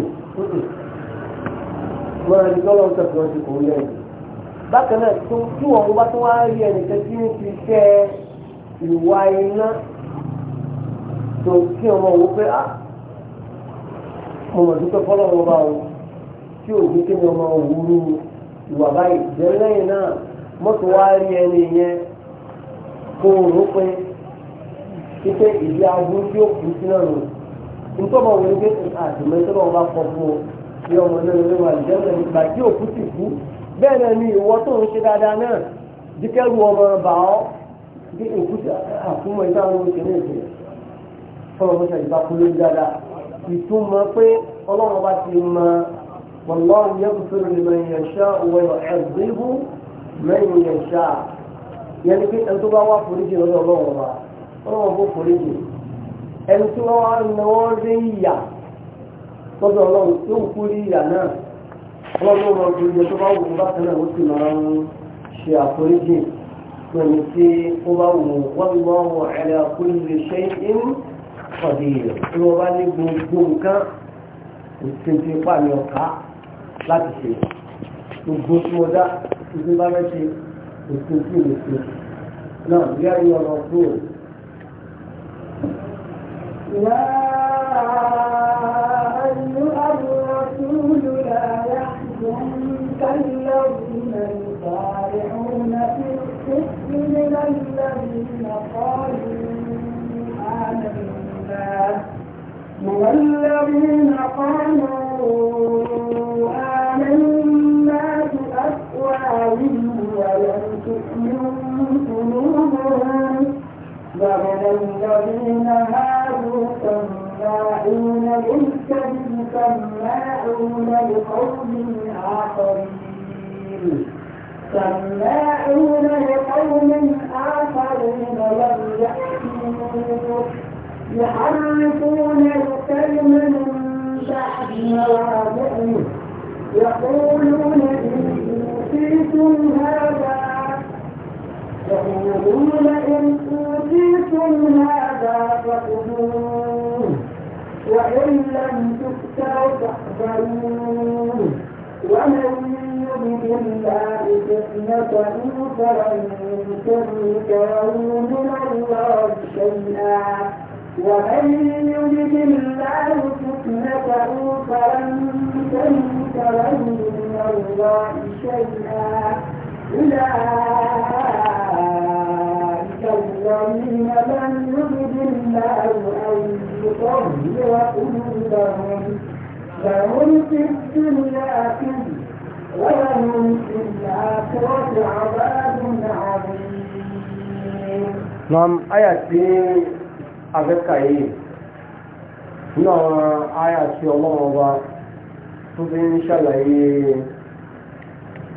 mọ̀ ẹni tí ọlọ́run tẹ̀sí ti kò ń lẹ́yìn. bákan náà tó tí wọn bá tó wá rí ẹnìkan tí ń ṣiṣẹ́ ìwà iná tó kí ọmọ wò pé ah mo mọ̀ dúpẹ́ fọlọ́wọ́ bá o tí ò ní kí ni ọmọ òwúrú ìwà báyìí jẹ́ lẹ́yìn náà mọ́tò wá rí ẹni yẹn kó o rò pé pípé ìdí aburú tí ó kù sí náà nù nítorí ọmọ òwúrú pé àtìmọ́ ah, ìtọ́lọ́ wọn bá kọ́ fún o ní ọmọ náà ló wà jẹ́ lẹ́yìn ìgbà tí òkú sì kú bẹ́ẹ̀ náà ni ìwọ tó ń ṣe dáadáa náà díkẹ́rù ọmọ bà ọ́ bí òkú àfúnmọ́ ìtàn àwọn òṣèlú ìṣẹ̀lẹ̀ fọlọ́mọ́sà ìbákulé dáadáa ìtumọ̀ pé ọlọ́run bá ti mọ wallahu yaghfiru liman yasha'u wa yu'adhibu man yasha'u yẹn ni pé ẹni tó bá wá foríjì lọ́dọ̀ ọlọ́run wa ọlọ́run bó foríjì ẹni tí wọ́n wá náwó rí ìyà lọ́dọ̀ ọlọ́run tó ń kú rí ìyà bá wù ó sì máa ń ṣe àforíjì pẹ̀lú tí ó bá wù ú wọ́n lọ́wọ́ ẹ̀rẹ́ àkúrú lè ṣe é pọ̀dé rẹ̀ tí wọ́n bá ní gbogbo nǹkan kò sí ti pa mi ọ̀ká láti ṣe gbogbo tí wọ́n dá títí bá fẹ́ ṣe kò náà bí a yọ ọ̀rọ̀ kúrò. والذين قالوا آمنا بأفواههم ولم تؤمن قلوبهم ومن الذين هادوا سماعون للكذب سماعون لقوم آخرين سماعون لقوم آخرين لم يأتوا يحرفون الكلم من بعد ما مواضعه يقولون إن أوتيتم هذا يقولون إن أوتيتم هذا فخذوه وإن لم تؤتوا فاحذروه ومن يرد الله فتنته فلن تملك له من الله شيئا ومن يرد الله فتنته فلن تملك له من الله شيئا أولئك الذين لم يرد الله أن يطهر قلوبهم لهم في الدنيا خزي ولهم في الآخرة عذاب عظيم. نعم آية afẹ́kà yìí nínú àwọn àyà tí ọlọ́run ọba tó fi ń ṣàlàyé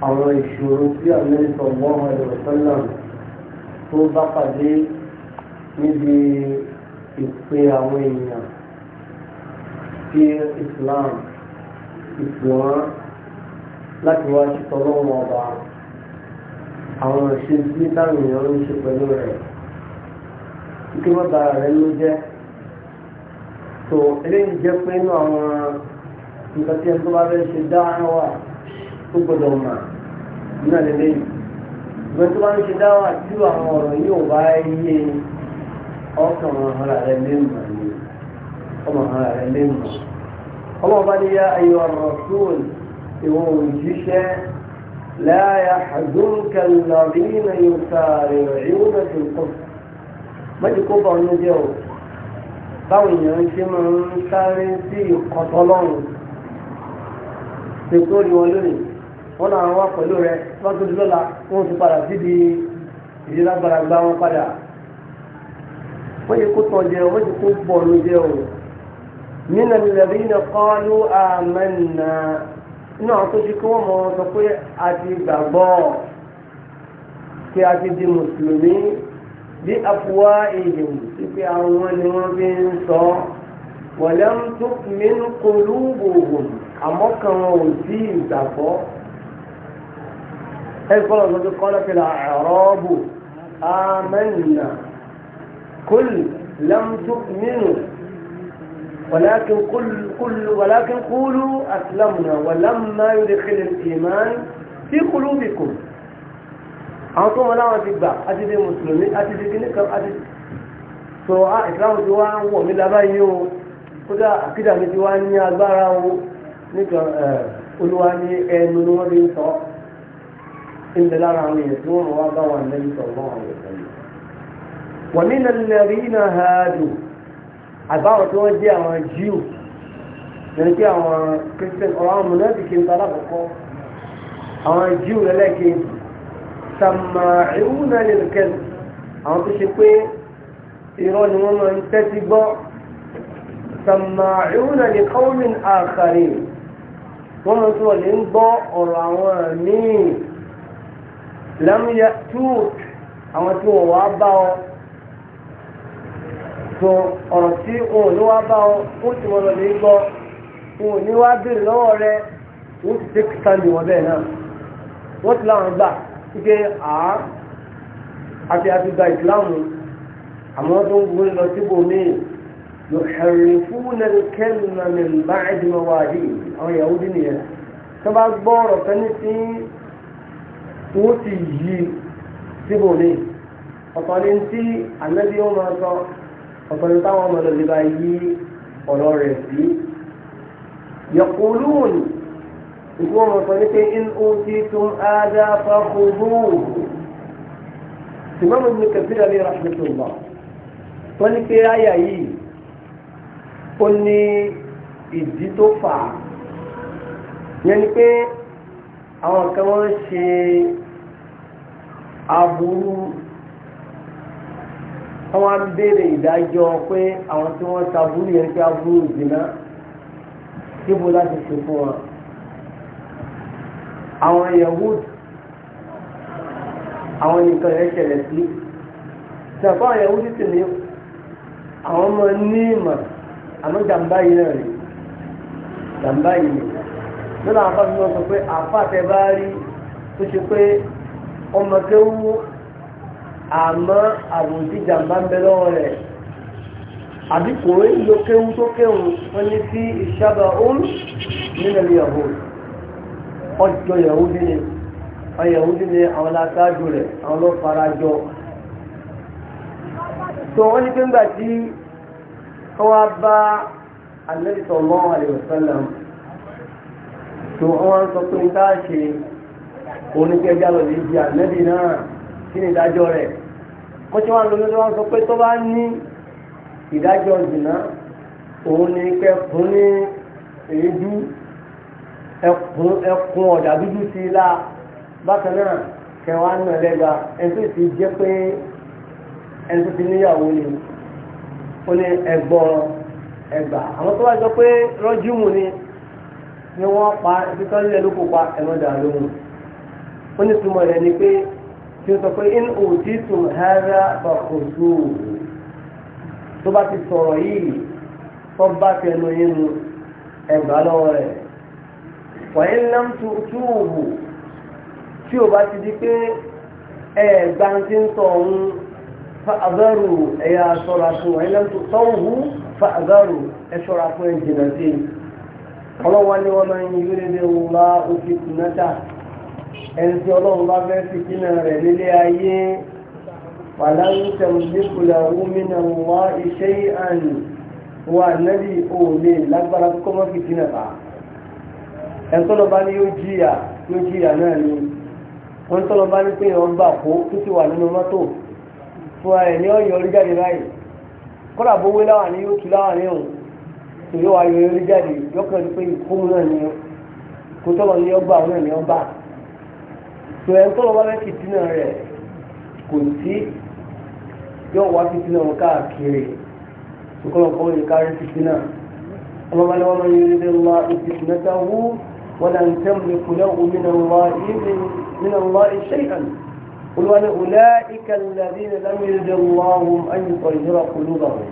àwọn ìṣòro tí àmẹ́ríkà ọgbọ́n ẹ̀dọ̀sọ́nà tó bá pàdé níbi ìpè àwọn èèyàn sí Islam ìpè wọn láti wá ṣètò ọlọ́run ọba àwọn ìṣesí táwọn èèyàn ń ṣe pẹ̀lú rẹ̀. kí wọ́n bára rẹ̀ ló jẹ́ tó eléyìí jẹ́ pé inú àwọn nǹkan tí ẹni tó bá fẹ́ ṣe dáhàwà tó gbọdọ̀ mà náà lélẹ́yìn ìgbà tó bá ń ṣe dáhàwà tí àwọn ọ̀rọ̀ yìí ò bá yé ọkàn ọ̀hánra rẹ̀ lé mà ní ọmọ ọ̀hánra rẹ̀ lé mà ọmọ bá ní yá ayọ̀ ọ̀rọ̀ sóòlù ìwọ̀n òjíṣẹ́ لا يحزنك الذين يسارعون في الكفر mọ́jú kó bọ̀ ọ́nú jẹ́ o báwọn èèyàn ṣe máa ń sáré sí ìkọ̀tọ́ lọ́rùn ṣètò orí lónìí wọn náà wá pẹ̀lú rẹ lọ́jọ́ tó ti padà síbi ìdílé agbára wọn padà kó tán jẹ́ o kó jẹ́ o a ti gbàgbọ́ kí a di mùsùlùmí. bí afuwa èèyàn wípé àwọn ni wọ́n fi ń sọ wọ̀lẹ́m tó mínú kolúbòhùn àmọ́ kan wọn ò sí ìgbàgbọ́ ẹ̀kọ́ lọ́sọ́ tó kọ́ lọ́fẹ̀lá àrọ́bù amẹ́nà kul lẹ́m tó mínú ولكن كل كل ولكن قولوا أسلمنا ولما يدخل الإيمان في قلوبكم àwọn tó wọn láwọn ti gbà àti di mùsùlùmí àti di kíní kan àti sọ á ìsìláàmù ti wá ń wọ̀ mí lábá yìí o kódà àkídà mi ti wá ní agbára o nìkan olúwa ní ẹnu ni wọ́n fi ń sọ ń bẹ lára àwọn èèyàn tí wọ́n wá bá wọn lẹ́yìn sọ̀rọ̀ wọn àwọn sẹ́yìn. wọ́n ní nàlẹ́rì náà ha dùn àbáwọn tí wọ́n jẹ́ àwọn jíù lẹ́nu pé àwọn kristian ọ̀rọ̀ àwọn mọ̀nẹ́bì kí n ta lákòókò àwọn jíù lẹ́lẹ́kejì sàmàìwúna lè kẹ́lù àwọn tó ṣe pé irọ́ ni wọ́n máa ń tẹ́tí gbọ́ sàmàìwúna lè kọ́wọ́mìn àkàrí wọ́n máa tún lè ń gbọ́ ọ̀rọ̀ àwọn míì lámúyà túùk àwọn tí wọ́n wá bá ọ tó ọ̀rọ̀ tí òun ní wá bá ọ ó ti wọ́n lọ lè gbọ́ òun ní wá bèrè lọ́wọ́ rẹ ó ti tẹ́kítà ní wọ́n bẹ́ẹ̀ náà wọ́n ti láwọn gbà pé àá àti àti gba ìsìláàmù àmọ́ tó ń gbóni lọ síbò míì yóò ṣẹ̀rì fún lẹ́nu min ba'di mawadihi àwọn Yahudi nìyẹn tó bá gbọ́ ọ̀rọ̀ fẹ́ni tí wọ́n ti yí síbò míì ọ̀tọ̀ ni tí ànábì ó sọ ọ̀tọ̀ ni táwọn ọmọ lọ́dẹ bá yí ọ̀rọ̀ rẹ̀ sí yaqulun ìgbọ́n wọn sọ ní pé in utitum hadha fakhudhuhu ìmọ̀mù ní kẹfìrì àlẹ́ rahmatullah wọ́n ní pé àyà yìí ó ní ìdí tó fà á yẹn ni pé àwọn kan wọ́n ṣe aburú àwọn abéèrè ìdájọ́ pé àwọn tí wọ́n ta aburú yẹn pé aburú ìdìnnà kíbo láti ṣe fún wọn àwọn Yahud àwọn nìkan rẹ̀ ṣẹlẹ̀ sí ṣàpá àwọn Yahud sì ní àwọn ọmọ ní ìmọ̀ àmọ́ jàǹbá yìí náà rèé jàǹbá yìí ni lọ́nà àfa fi wọ́n sọ pé àfa tẹ bá rí tó ṣe pé ọmọ kéwú àmọ́ àbòsí jàǹbá ń bẹ lọ́wọ́ rẹ̀ àbí kò ń lo kéwú tó kéwú wọ́n ní sí ìṣàbà òun nílẹ̀ Yahud ọjọ́ yahudi ni àwọn yahudi ni àwọn aláṣáájú rẹ̀ àwọn ló fara jọ tó wọ́n ní pé ńgbà tí wọ́n wá bá Ànábì sallallahu alaihi wasallam tó wọ́n sọ pé ń táà ṣe oníkẹ́jà lọ lè di Ànábì náà kí ni ìdájọ́ rẹ̀ wọ́n ti wá bá ní ìdájọ́ òun ni kẹ́ fún ní èédú ẹkùn ẹkùn ọ̀dà dúdú sí i la bákan náà kẹwàá nà lẹ́gba ẹni tó ti jẹ́ pé ẹni tó ti níyàwó ni ó ní ẹgbọ́n ẹgbà àwọn tó bá jọ pé rọ́júmù ni ni wọ́n pa títọ́ nílẹ̀ ló kó pa ẹ̀mọ́dà lóhun ó ní túmọ̀ rẹ̀ ni pé tí ó sọ pé in òtí tùm hẹ́rẹ́ fàkóso tó bá ti sọ̀rọ̀ yìí tó bá tẹnu yín mu ẹgbà lọ́wọ́ rẹ̀ wọ́n ń lọ́n tó tú òwò tí o bá ti di pé ẹ gbàǹtí ń tọ̀ ọ̀hún fa àgárò ẹ̀yà sọ̀rọ̀ fún wọ́n ń lọ́n tó tọ́ òhún fa àgárò ẹ̀ sọ̀rọ̀ fún ẹ̀ jìnà sí i ọlọ́wọ́ ni wọ́n ń yí lédè ńlá òfin kùnátà ẹni tí ọlọ́run bá fẹ́ fi kínà rẹ̀ nílé ayé fàlàǹtẹ̀m nípìnlẹ̀ wúmínà wá iṣẹ́ àná wà nẹ́bí òun lè lágbára kọ́mọ́ fi kínà bàá. ẹn bá ní yóò jìyà náà ni wọ́n tọ́lọ́ ní pé wọ́n gbà tó ti wà nínú mọ́tò fún ẹ ní ọ̀yọ́ orí jáde kọ́lá bówé láwà ní yóò tú láwà ní òun tó yóò ní pé ìkóhun náà ni kó tọ́lọ́ ní ọgbà òun náà ni tó ولن تملك له من الله من الله شيئا قل أولئك الذين لم يرد الله أن يطهر قلوبهم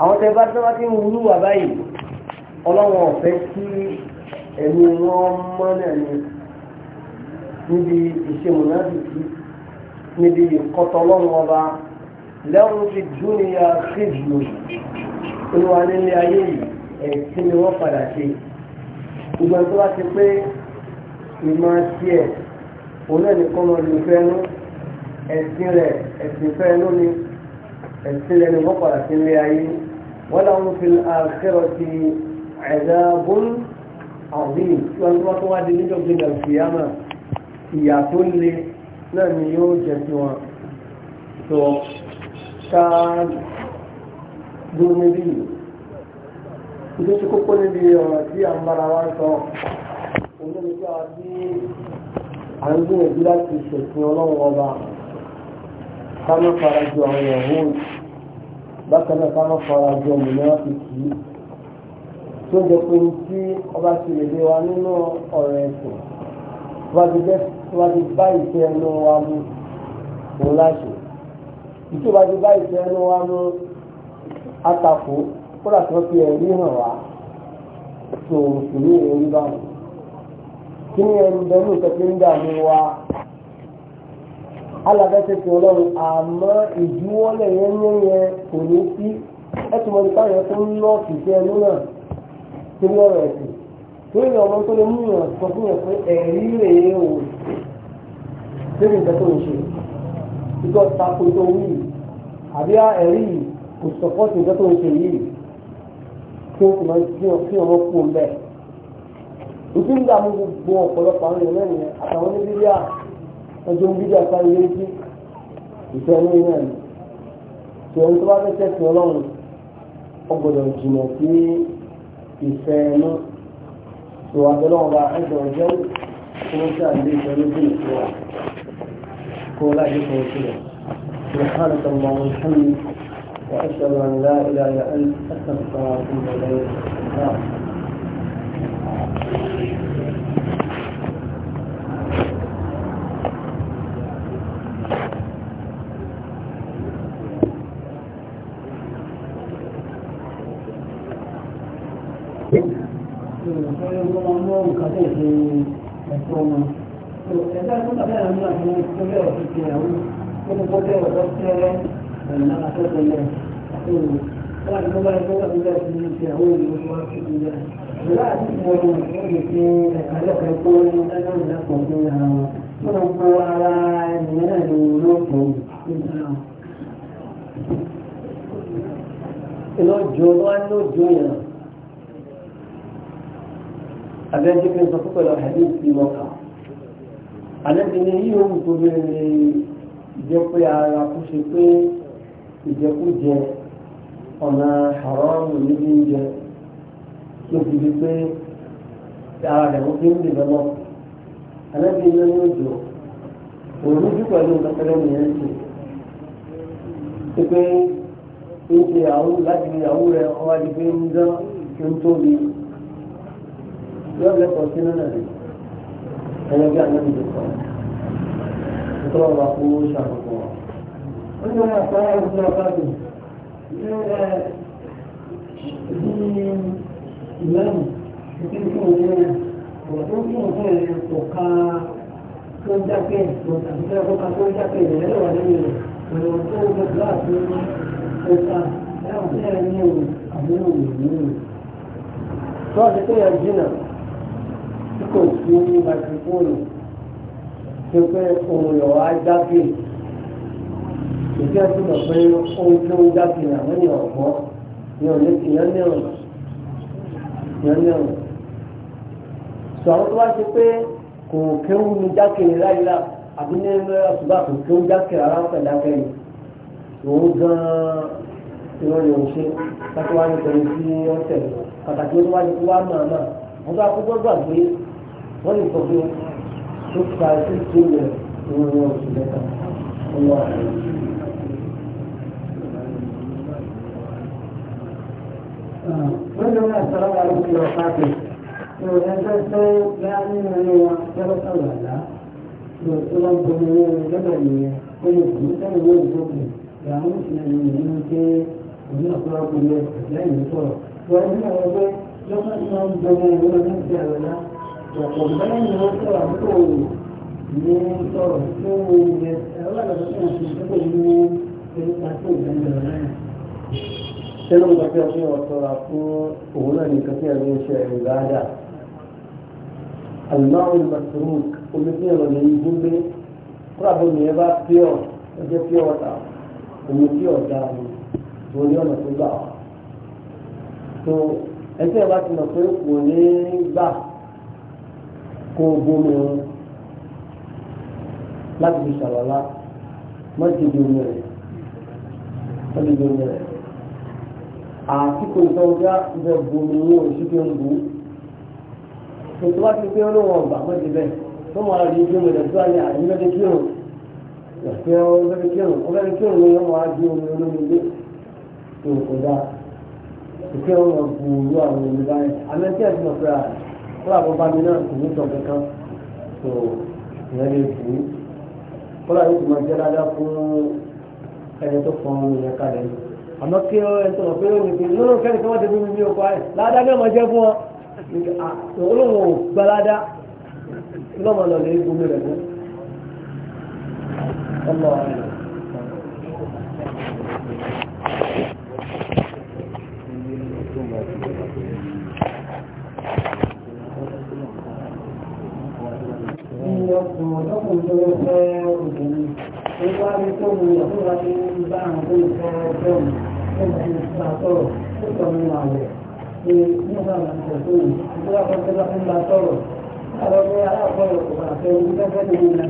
àwọn tẹ bá tí wọ́n ti ń wúlú wà báyìí ọlọ́wọ́n ọ̀fẹ́ kí ẹ̀mí wọn mọ́ náà ni níbi ìṣemùnádìkì níbi ìkọ́tọ̀ ọlọ́run ọba lẹ́hùn fi dúnìyà fíjì olùwà nílé ayé yìí ẹ̀sìn ni wọ́n padà ṣe ìgbà tó wá ti pé ìmọ̀ tiẹ̀ òun náà nìkan mọ̀ lù fẹ́ nú ẹ̀sìn rẹ̀ ẹ̀sìn fẹ́ nú ni ẹ̀sìn rẹ̀ ni wọ́n padà sí ilé ayé wọ́n láwọn fi àkẹ́rọ̀ ti ẹ̀dá bún àwìn tí tó wá tó wá di níjọ́ gbé náà fi yámà ìyà tó le náà ni yóò jẹ sí wọn. tó ká dúró níbí yìí ìlú ṣe kókó níbi ọ̀rọ̀ tí a ń bára wá ń sọ òun ní pé àti à ń gbìyànjú láti ṣètò ọlọ́run ọba ká má fara ju àwọn yahoo bákan náà ká má fara ju ọmọ náà fi kì í tó jẹ pé tí ọba ti lè lé wa nínú ọ̀rọ̀ ẹ̀sìn tó bá ti bá ìfẹ́ ẹnu wa mú òun láṣẹ ìtúbà ti bá ìfẹ́ ẹnu wa mú àtàkùn kódà tó fi ẹ̀rí hàn wá tó sì ní ẹ̀rí bá wọn. kí ni ẹ̀rù bẹ́ẹ̀ nǹkan tí ń dààmú wa alábẹ́sẹ̀ tí ọlọ́run àmọ́ ìdíwọ́lẹ̀ yẹn yẹn yẹn kò ní sí ẹtù mọ̀ nípa tó ń lọ kìjẹ́ ẹnu náà tó ní ọ̀rọ̀ ẹ̀sìn tó ní ọmọ tó lè mú yàn sọ fún yàn pé ẹ̀rí rèé o lórí ìgbà tó ń ṣe ìjọ tako tó wí àbí ẹ̀rí kò sọ̀pọ̀ tó ìgbà tó ń ṣe yìí kí o sì máa kí o kí o mọ kú o bẹ ojú ń dààmú gbogbo ọ̀pọ̀lọpọ̀ àwọn èèyàn nìyẹn àtàwọn ní bíbí à ọjọ́ bíbí àtà ilé jí ìfẹ́ ní ilé ẹ̀ tí ẹni tó bá fẹ́ tẹ̀sí ọlọ́run ó gbọdọ̀ jìnnà sí ìfẹ́ ẹnu tó àbẹ̀lọ́wọ̀n bá ẹ̀jọ̀ ọjọ́ kó ló ṣe àlè ìfẹ́ lójú ìfẹ́ wa kó láyé kó o sílẹ̀ سبحانك اللهم وأشهد أن لا إله إلا أنت أستغفرك وأتوب Thank you. فلما أتوقع الله أقول ولكن الله يقول أن لا يكون فرعون وشواكب الله ولا أتكلم المشركين فلك يقول أنهم لكم منها ونبوا على من نوركم منها lójú ló wá lójú yẹn abẹ́jẹ́ pé sọ púpọ̀ lọ́wọ́ ẹ̀dí ti mọ́ta alẹ́bìnrin yìí ó wù tó bẹ̀rẹ̀ jẹ́ pé ara kú ṣe pé ìjẹkújẹ ọ̀nà haramu níbi ń jẹ ló fi di pé ara rẹ̀ ó fi ń dè lọ́wọ́ anábì iná ní òjò òun ní pẹ̀lú kẹkẹrẹ nìyẹn ti ti pé ń ṣe àwọn láti fi àwọn rẹ̀ ọwọ́ àti pé ń dán kí ń tóbi yóò lẹ́kọ̀ọ́ sínú náà rẹ̀ ẹ̀yọ́ bí anábì ti sọ ìtọ́wọ́ bá kú ṣàkóso wọn nínú ọ̀pá ọ̀gbìn ọ̀pàdé ní ẹ̀ bí ìlànà ìpín fún òun náà ọ̀rọ̀ tó fún òun náà ní ọ̀ka tó ń jápẹ́ àti tó ọ̀ka tó ń jápẹ́ ìrẹ̀lẹ̀ wà lẹ́yìn rẹ̀ ọ̀rọ̀ tó ń gbẹ̀dọ̀ láti ọ̀ka láwọn tí ẹ̀ ní òun àbúrò òun tó àti tó yẹ jìnnà tí kò sí ní microphone tó pé òun lọ́wọ́ á jápẹ́ ìfẹ́ tó mọ̀ pé ohun tó ń dáfi àwọn èèyàn ọ̀gbọ́ ni ò ní ti yẹn ní ọ̀rùn yẹn ní ọ̀rùn. sọ tó wá ṣe pé kò kéwù ní jákèrè láyìlá àbí ní ẹgbẹ́ ọ̀ṣùgbà kò kéwù jákèrè ara pẹ̀lú akẹ́yìn òun gan-an ìrọ̀lẹ́ òun ṣe kátó wá ní pẹ̀lú sí ọ̀sẹ̀ pàtàkì ó tó wá ní kó wá máa máa wọ́n tó akó gbọ́dọ̀ gbé wọ́n lè sọ pé tó ta ẹsẹ̀ tó yẹ ìrọ̀lẹ́ òṣù mẹ́ta ọlọ́run. wanda wani asalamu alaikum da wakati to yan zarto ya nuna yawa ya rasa wala to tsoron kuma yau da gaba ne kuma mutane yau da gobe ya mutu na yi ne mun ke wani akwai akwai ne da ya yi tsoro to wani na wabe lokacin da wani gobe ya wani nan da wala to kwamfanin da wasu a mutu ne tsoro to ya tsara ṣé ló ń sọ pé ọṣẹ ọ̀tọ́ra fún òun náà nìkan tí ẹ̀rọ ń ṣe ẹ̀rọ dáadáa alimawul masruk omi tí ẹ̀rọ lè yí gbé kúrò àbọ̀ mi ẹ bá pure ẹjẹ́ pure water omi tí ọ̀dà mi tó ní ọ̀nà tó gbà wá tó ẹsẹ̀ bá ti mọ̀ pé kò ní gbà kó bómi wọn láti fi ṣàlọ́lá mọ́tìdì omi rẹ̀ mọ́tìdì omi rẹ̀ àti kò sọ já ibẹ̀ bu mi ní oṣù tó ń bu ètò wá ti pé olóhùn ọgbà mọ́ ti bẹ́ẹ̀ tó wọn rí ibi òmìnira tó wáyé àyíbẹ́dẹ́ kírun ìfẹ́ ọgbẹ́dẹ́ kírun ọgbẹ́dẹ́ kírun ni wọ́n á di omi olómi gbé tó kò dá ìfẹ́ ọmọ bu olú àwọn omi báyìí àmì tí ẹ̀sìn ọ̀fẹ́ rà kó làbọ̀ bá mi náà kò ní sọ kankan tó ìyẹn lè bu kó làbọ̀ tó máa jẹ́ dáadáa fún ẹni tó fọ́n ìyẹn kalẹ̀ yìí àmọ́ kí ọ ẹ sọ̀rọ̀ pé òun ìpè lọ́nà kẹ́ni kí wọ́n ti bímí ní ọkọ̀ ayé ládá ní ọmọ jẹ́ fún ọ olóhùn ò gba ládá lọ́mọ lọ lè gbomi rẹ̀ fún ọmọ rẹ̀. Ìyọ̀kùn ọ̀dọ́kùnrin wá rí tó mu wà tó wá ní bá àwọn tó ń sọ ọjọ́ mi tó ń fi bá sọ̀rọ̀ tó sọ nínú àwẹ̀ ṣe ní bá àwọn àti ọ̀tún mi tó wá kọ́ tó bá fi bá sọ̀rọ̀ àwọn ọmọ aláàbọ̀rọ̀ kò bá fẹ́ ojú fẹ́fẹ́ tó ń lọ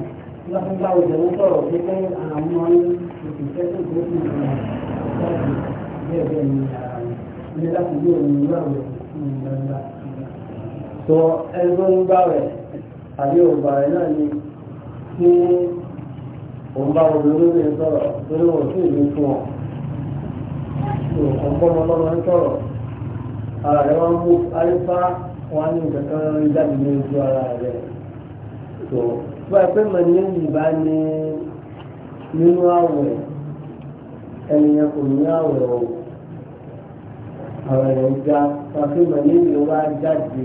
bá fi bá òjò ń sọ̀rọ̀ pé pé àwọn òṣìṣẹ́ tó tó ti ń lọ láti bẹ́ẹ̀ bẹ́ẹ̀ ni ilé láti gbé òun ìlú àwẹ̀ ìgbàgbà. ẹgbẹ́ ń gbà rẹ̀ àbí òǹgbà rẹ̀ náà ni kí òun bá wọn lórí ní sọ̀rọ̀ torí wọn sí ìlú fún ọ. ọ̀pọ̀lọpọ̀ ọlọ́mọ ń sọ̀rọ̀ ara rẹ̀ wọ́n mú àyíká wọn ní kankan rí jáde ní ojú ara rẹ̀. tó bá a pé màá ní ìbá ní nínú àwẹ̀ ẹnìyẹn kò ní àwẹ̀ o. àwọn èèyàn já pàṣẹ màá ní ìlú wa jáde.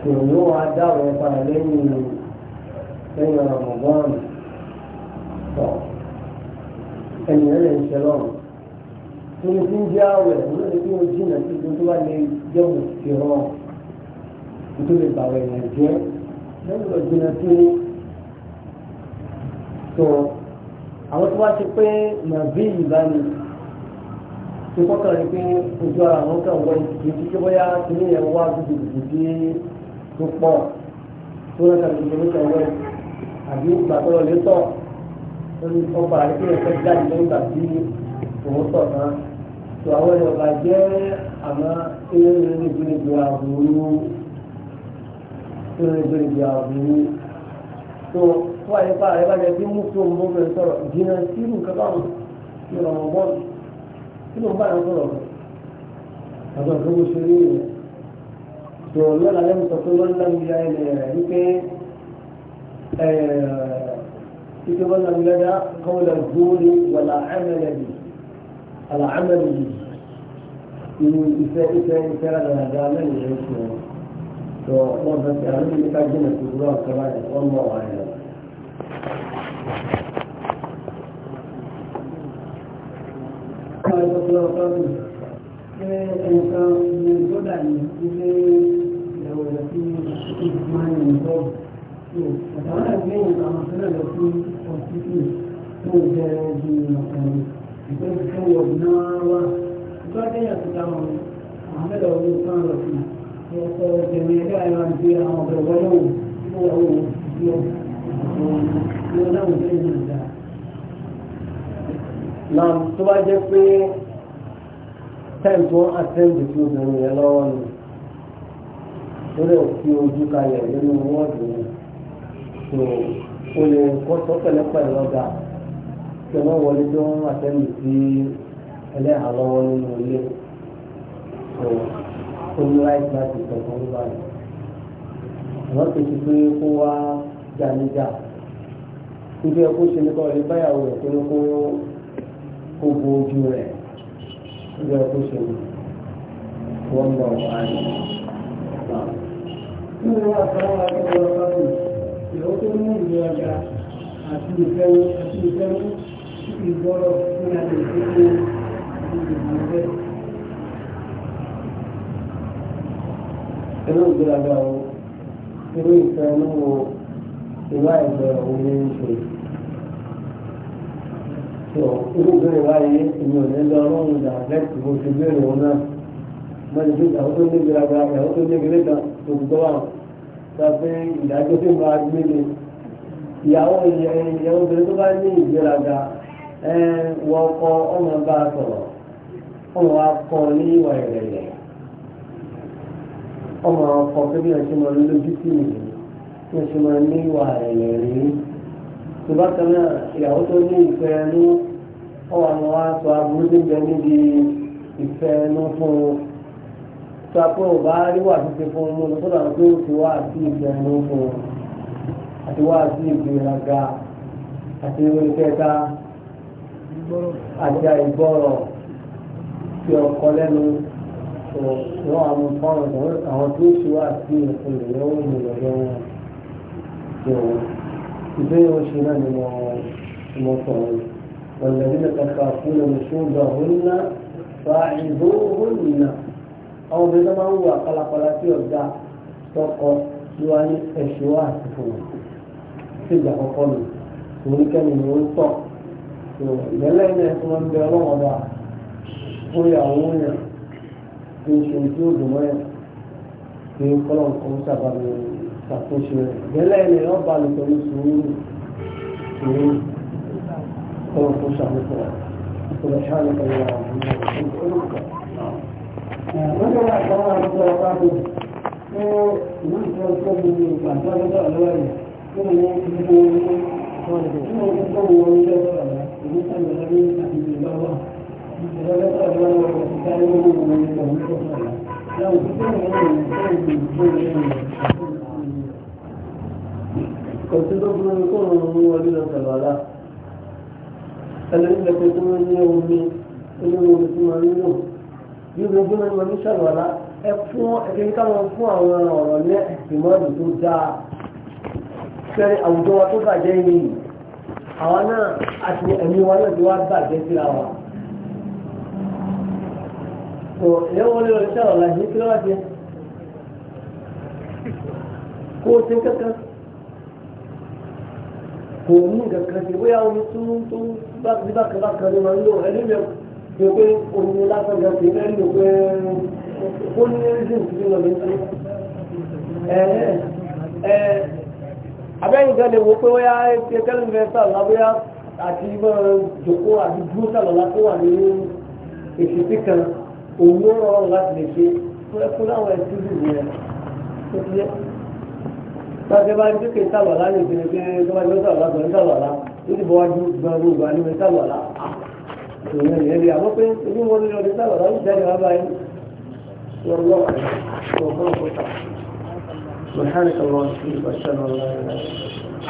tòun ló wàá dáwọ̀ ẹ̀ padà lẹ́yìn ìlú lẹ́yìn ramadan tọ̀ ẹ̀yìn rẹ̀ ń ṣe lọ́rùn tí mo ti ń jẹ́ àwẹ̀ òun ní kí mo jìnnà sí ibi tó bá lè jẹ́ mo ti rọ̀ nítorí lè bàwẹ̀ yẹn jẹ́ lẹ́yìn rẹ̀ jìnnà sí i tó àwọn tó wá ti pé nàbí ìbáni tó kọ́kọ́ rí pé ojú ara àwọn kan wọ ìdíje tí bóyá kí ni ẹ̀ wá gbogbo ìdíje tó pọ̀ tó lọ́kàn tó lọ́kàn wọ̀ àbí gbàtọ́rọ̀ lè tọ̀ lórí ọkọ̀ àti ẹ̀fẹ́ jáde lẹ́yìn ìgbà tí òun tọ̀ tán tó àwọn ẹ̀rọ bá jẹ́ àmọ́ eré rẹ̀gbẹ̀rẹ̀gbẹ̀ àbúrú eré rẹ̀gbẹ̀rẹ̀gbẹ̀ àbúrú tó wà nípa rẹ̀ bá jẹ́ pé mú tó mú bẹ̀rẹ̀ sọ̀rọ̀ jìnnà sírù kankan ní ọ̀rọ̀ bọ́ọ̀lù kí ló bá yẹn sọ̀rọ̀ àgbà tó ṣe rí rẹ̀ tó lọ́la lẹ́nu sọ pé wọ́n ń lá آه، يتبنى لنا قول الزور ولا عمل به عمل به من إساءة إساءة هذا من يعيشه فالله بس في يعني اللي كان جنة في الله كمان والله أعلم قال الله من قدر إليه لو لفيه إجمال من قبل tó àtàwọn àgbẹ̀yìn àwọn àfẹ́rẹ́ lọ sí ọ̀sítì tó bẹ̀rẹ̀ di ọ̀kànnì ìpẹ́ tó wọ̀ náà wá ìgbà kẹ́yà ti dá wọn àwọn mẹ́lẹ̀ ọdún kan lọ sí ẹ̀kọ́ tẹ̀mí ẹgbẹ́ àyọ̀ àti àwọn ọ̀bẹ̀ wọlé wò tó wà wò yọ àwọn ọ̀nàwò tẹ̀yìn náà dáa. Nà tó bá jẹ́ pé tẹ́ǹtì wọn tí obìnrin yẹn lọ́wọ́ ni ó lè fi ojú kalẹ̀ nínú wọ́ọ̀dù yẹn tó o lè kó tó pẹ̀lẹ́pẹ̀lẹ́ lọ́gà tí wọ́n wọlé tí wọ́n máa tẹ́lẹ̀ sí ẹlẹ́hà lọ́wọ́ nínú ilé tó o ní láì láti tọ̀tọ̀ ń báyìí. àmọ́ kì í ṣe pé kó wá já níjà ibi ẹ̀kọ́ ṣe ní kọ́ ọ̀rẹ́ báyàwó rẹ̀ pé kó kó bo ojú rẹ̀ ibi ẹ̀kọ́ ṣe ní wọ́n ń bọ̀ wá ní. Nínú àtàwọn àti ọ̀rọ̀ ìwọ́n tó mú ìlú ọjà àti ìfẹ́wó àti ìfẹ́wó tí kì í gbọ́rọ̀ ní àti ìfẹ́wó àti ìfẹ́wó. Inú ìgbéraga o, irú ìfẹ́ inú wo ìwà ẹ̀gbẹ́ òun ní í ṣe. Sọ irú ìbéèrè wáyé èmi ò ní lọ ọlọ́run ìjà lẹ́tì mo ti béèrè òun náà. Mọ̀lẹ́bí àwọn tó ní ìgbéraga, àwọn tó ní ìgbéraga, òkùnkọ́ wà sọpé ìdájọ́ tó máa gbé ni ìyàwó ìyàwó obìnrin tó bá ní ìgbéraga wọ ọkọ ọmọ bá a sọ̀rọ̀ ọmọ wa kọ ní ìwà ìrẹ̀lẹ̀ ọmọ ọkọ pé bí wọ́n ṣe máa lójú sí mi bí wọ́n ṣe máa ní ìwà ìrẹ̀lẹ̀ rí tó bá kan náà ìyàwó tó ní ìfẹ́ ẹnu ọwọ́ wa sọ aburú tó ń bẹ níbi ìfẹ́ ẹnu fún un tó a pé òbá rí wà títí fún mú lọ sọ́dọ̀ àwọn tó ti wá àti ìgbẹ̀rún fún un àti wá àti ìgbéraga àti oríkẹta àti àìgbọ́rọ̀ tí ọkọ lẹ́nu ìwọ̀n àwọn fọ́ọ̀rọ̀ àwọn tó ti wá àti ìfún ìrẹ́wọ̀n ìrọ̀lẹ́ wọn tó ìbéèrè oṣù náà ni mo mo sọ̀rọ̀ والذين تخافون نشوزهن فاعذوهن àwọn obìnrin tó máa ń wo àkàlàkọ̀là tí ọ̀gá tọkọ tí wàá ní ẹ̀ṣọ́ wà sí fún wọn sí ìgbà àkọ́kọ́ mi òun ni ó ń tọ̀ ìgbẹ́lẹ́ iná ẹ̀sìn wọn bẹ ọlọ́wọ́n bá fún ìyàwó yẹn kí n ṣe ojú òdùnmọ́ yẹn kí n kọ́lọ̀ nǹkan sábà mi ṣàkóso rẹ̀ ìgbẹ́lẹ́ iná ẹ̀ ọba mi pẹ̀lú sùúrù sùúrù kọ́lọ̀ nǹkan sábà mi sọ̀rọ̀ ìṣòro ṣáà nípa ìyàwó mi wanda ba a kawo da ní omi inú tí wọ́n ń lò ní gbogbo ní wọn ní sàlùwàlá ẹ fún ẹgbẹ́ ní káwọn fún àwọn ọ̀rọ̀ ní ìmọ̀lù tó dáa fẹ́rẹ̀ àwùjọ wa tó bàjẹ́ yìí àwa náà àti ẹ̀mí wa náà ti wá bàjẹ́ síra wa. tó ìyẹn wọlé lọ sàlùwàlá yìí kí ló wá jẹ kó o ti kankan kò mú kankan bóyá omi tó ń tó bá kan bá kan ní wọn lò ẹni mẹ́kọ̀ọ́ ṣe pé oyin lásán jẹ pé ẹ ń lò pé ó ní rídìn tí lọ lóṣù abẹ́yìn gan lè wo pé wọ́n yá ṣe kẹ́lẹ́ fẹ́ sàlọ́ abóyá àti mọ́ jòkó àti dúró sàlọ́ láti wà ní èsìsì kan òun ó rọrùn láti lè ṣe fún ẹkún láwọn ẹtú lù yẹn tó ti yẹ. bá ń dé pé sàlọ́ láyé tó bá ń dé sàlọ́ láti wọ́n sàlọ́ lá ó ti bọ́ wájú gbọ́n gbogbo àníwẹ̀ sàlọ́ lá ìyẹn ìyẹn bí àwọn pé ojú wọn ní ọdún sábà láti jáde wá báyìí lọ́wọ́ ọ̀pọ̀lọpọ̀ سبحانك اللهم وبحمدك اشهد ان لا اله الا انت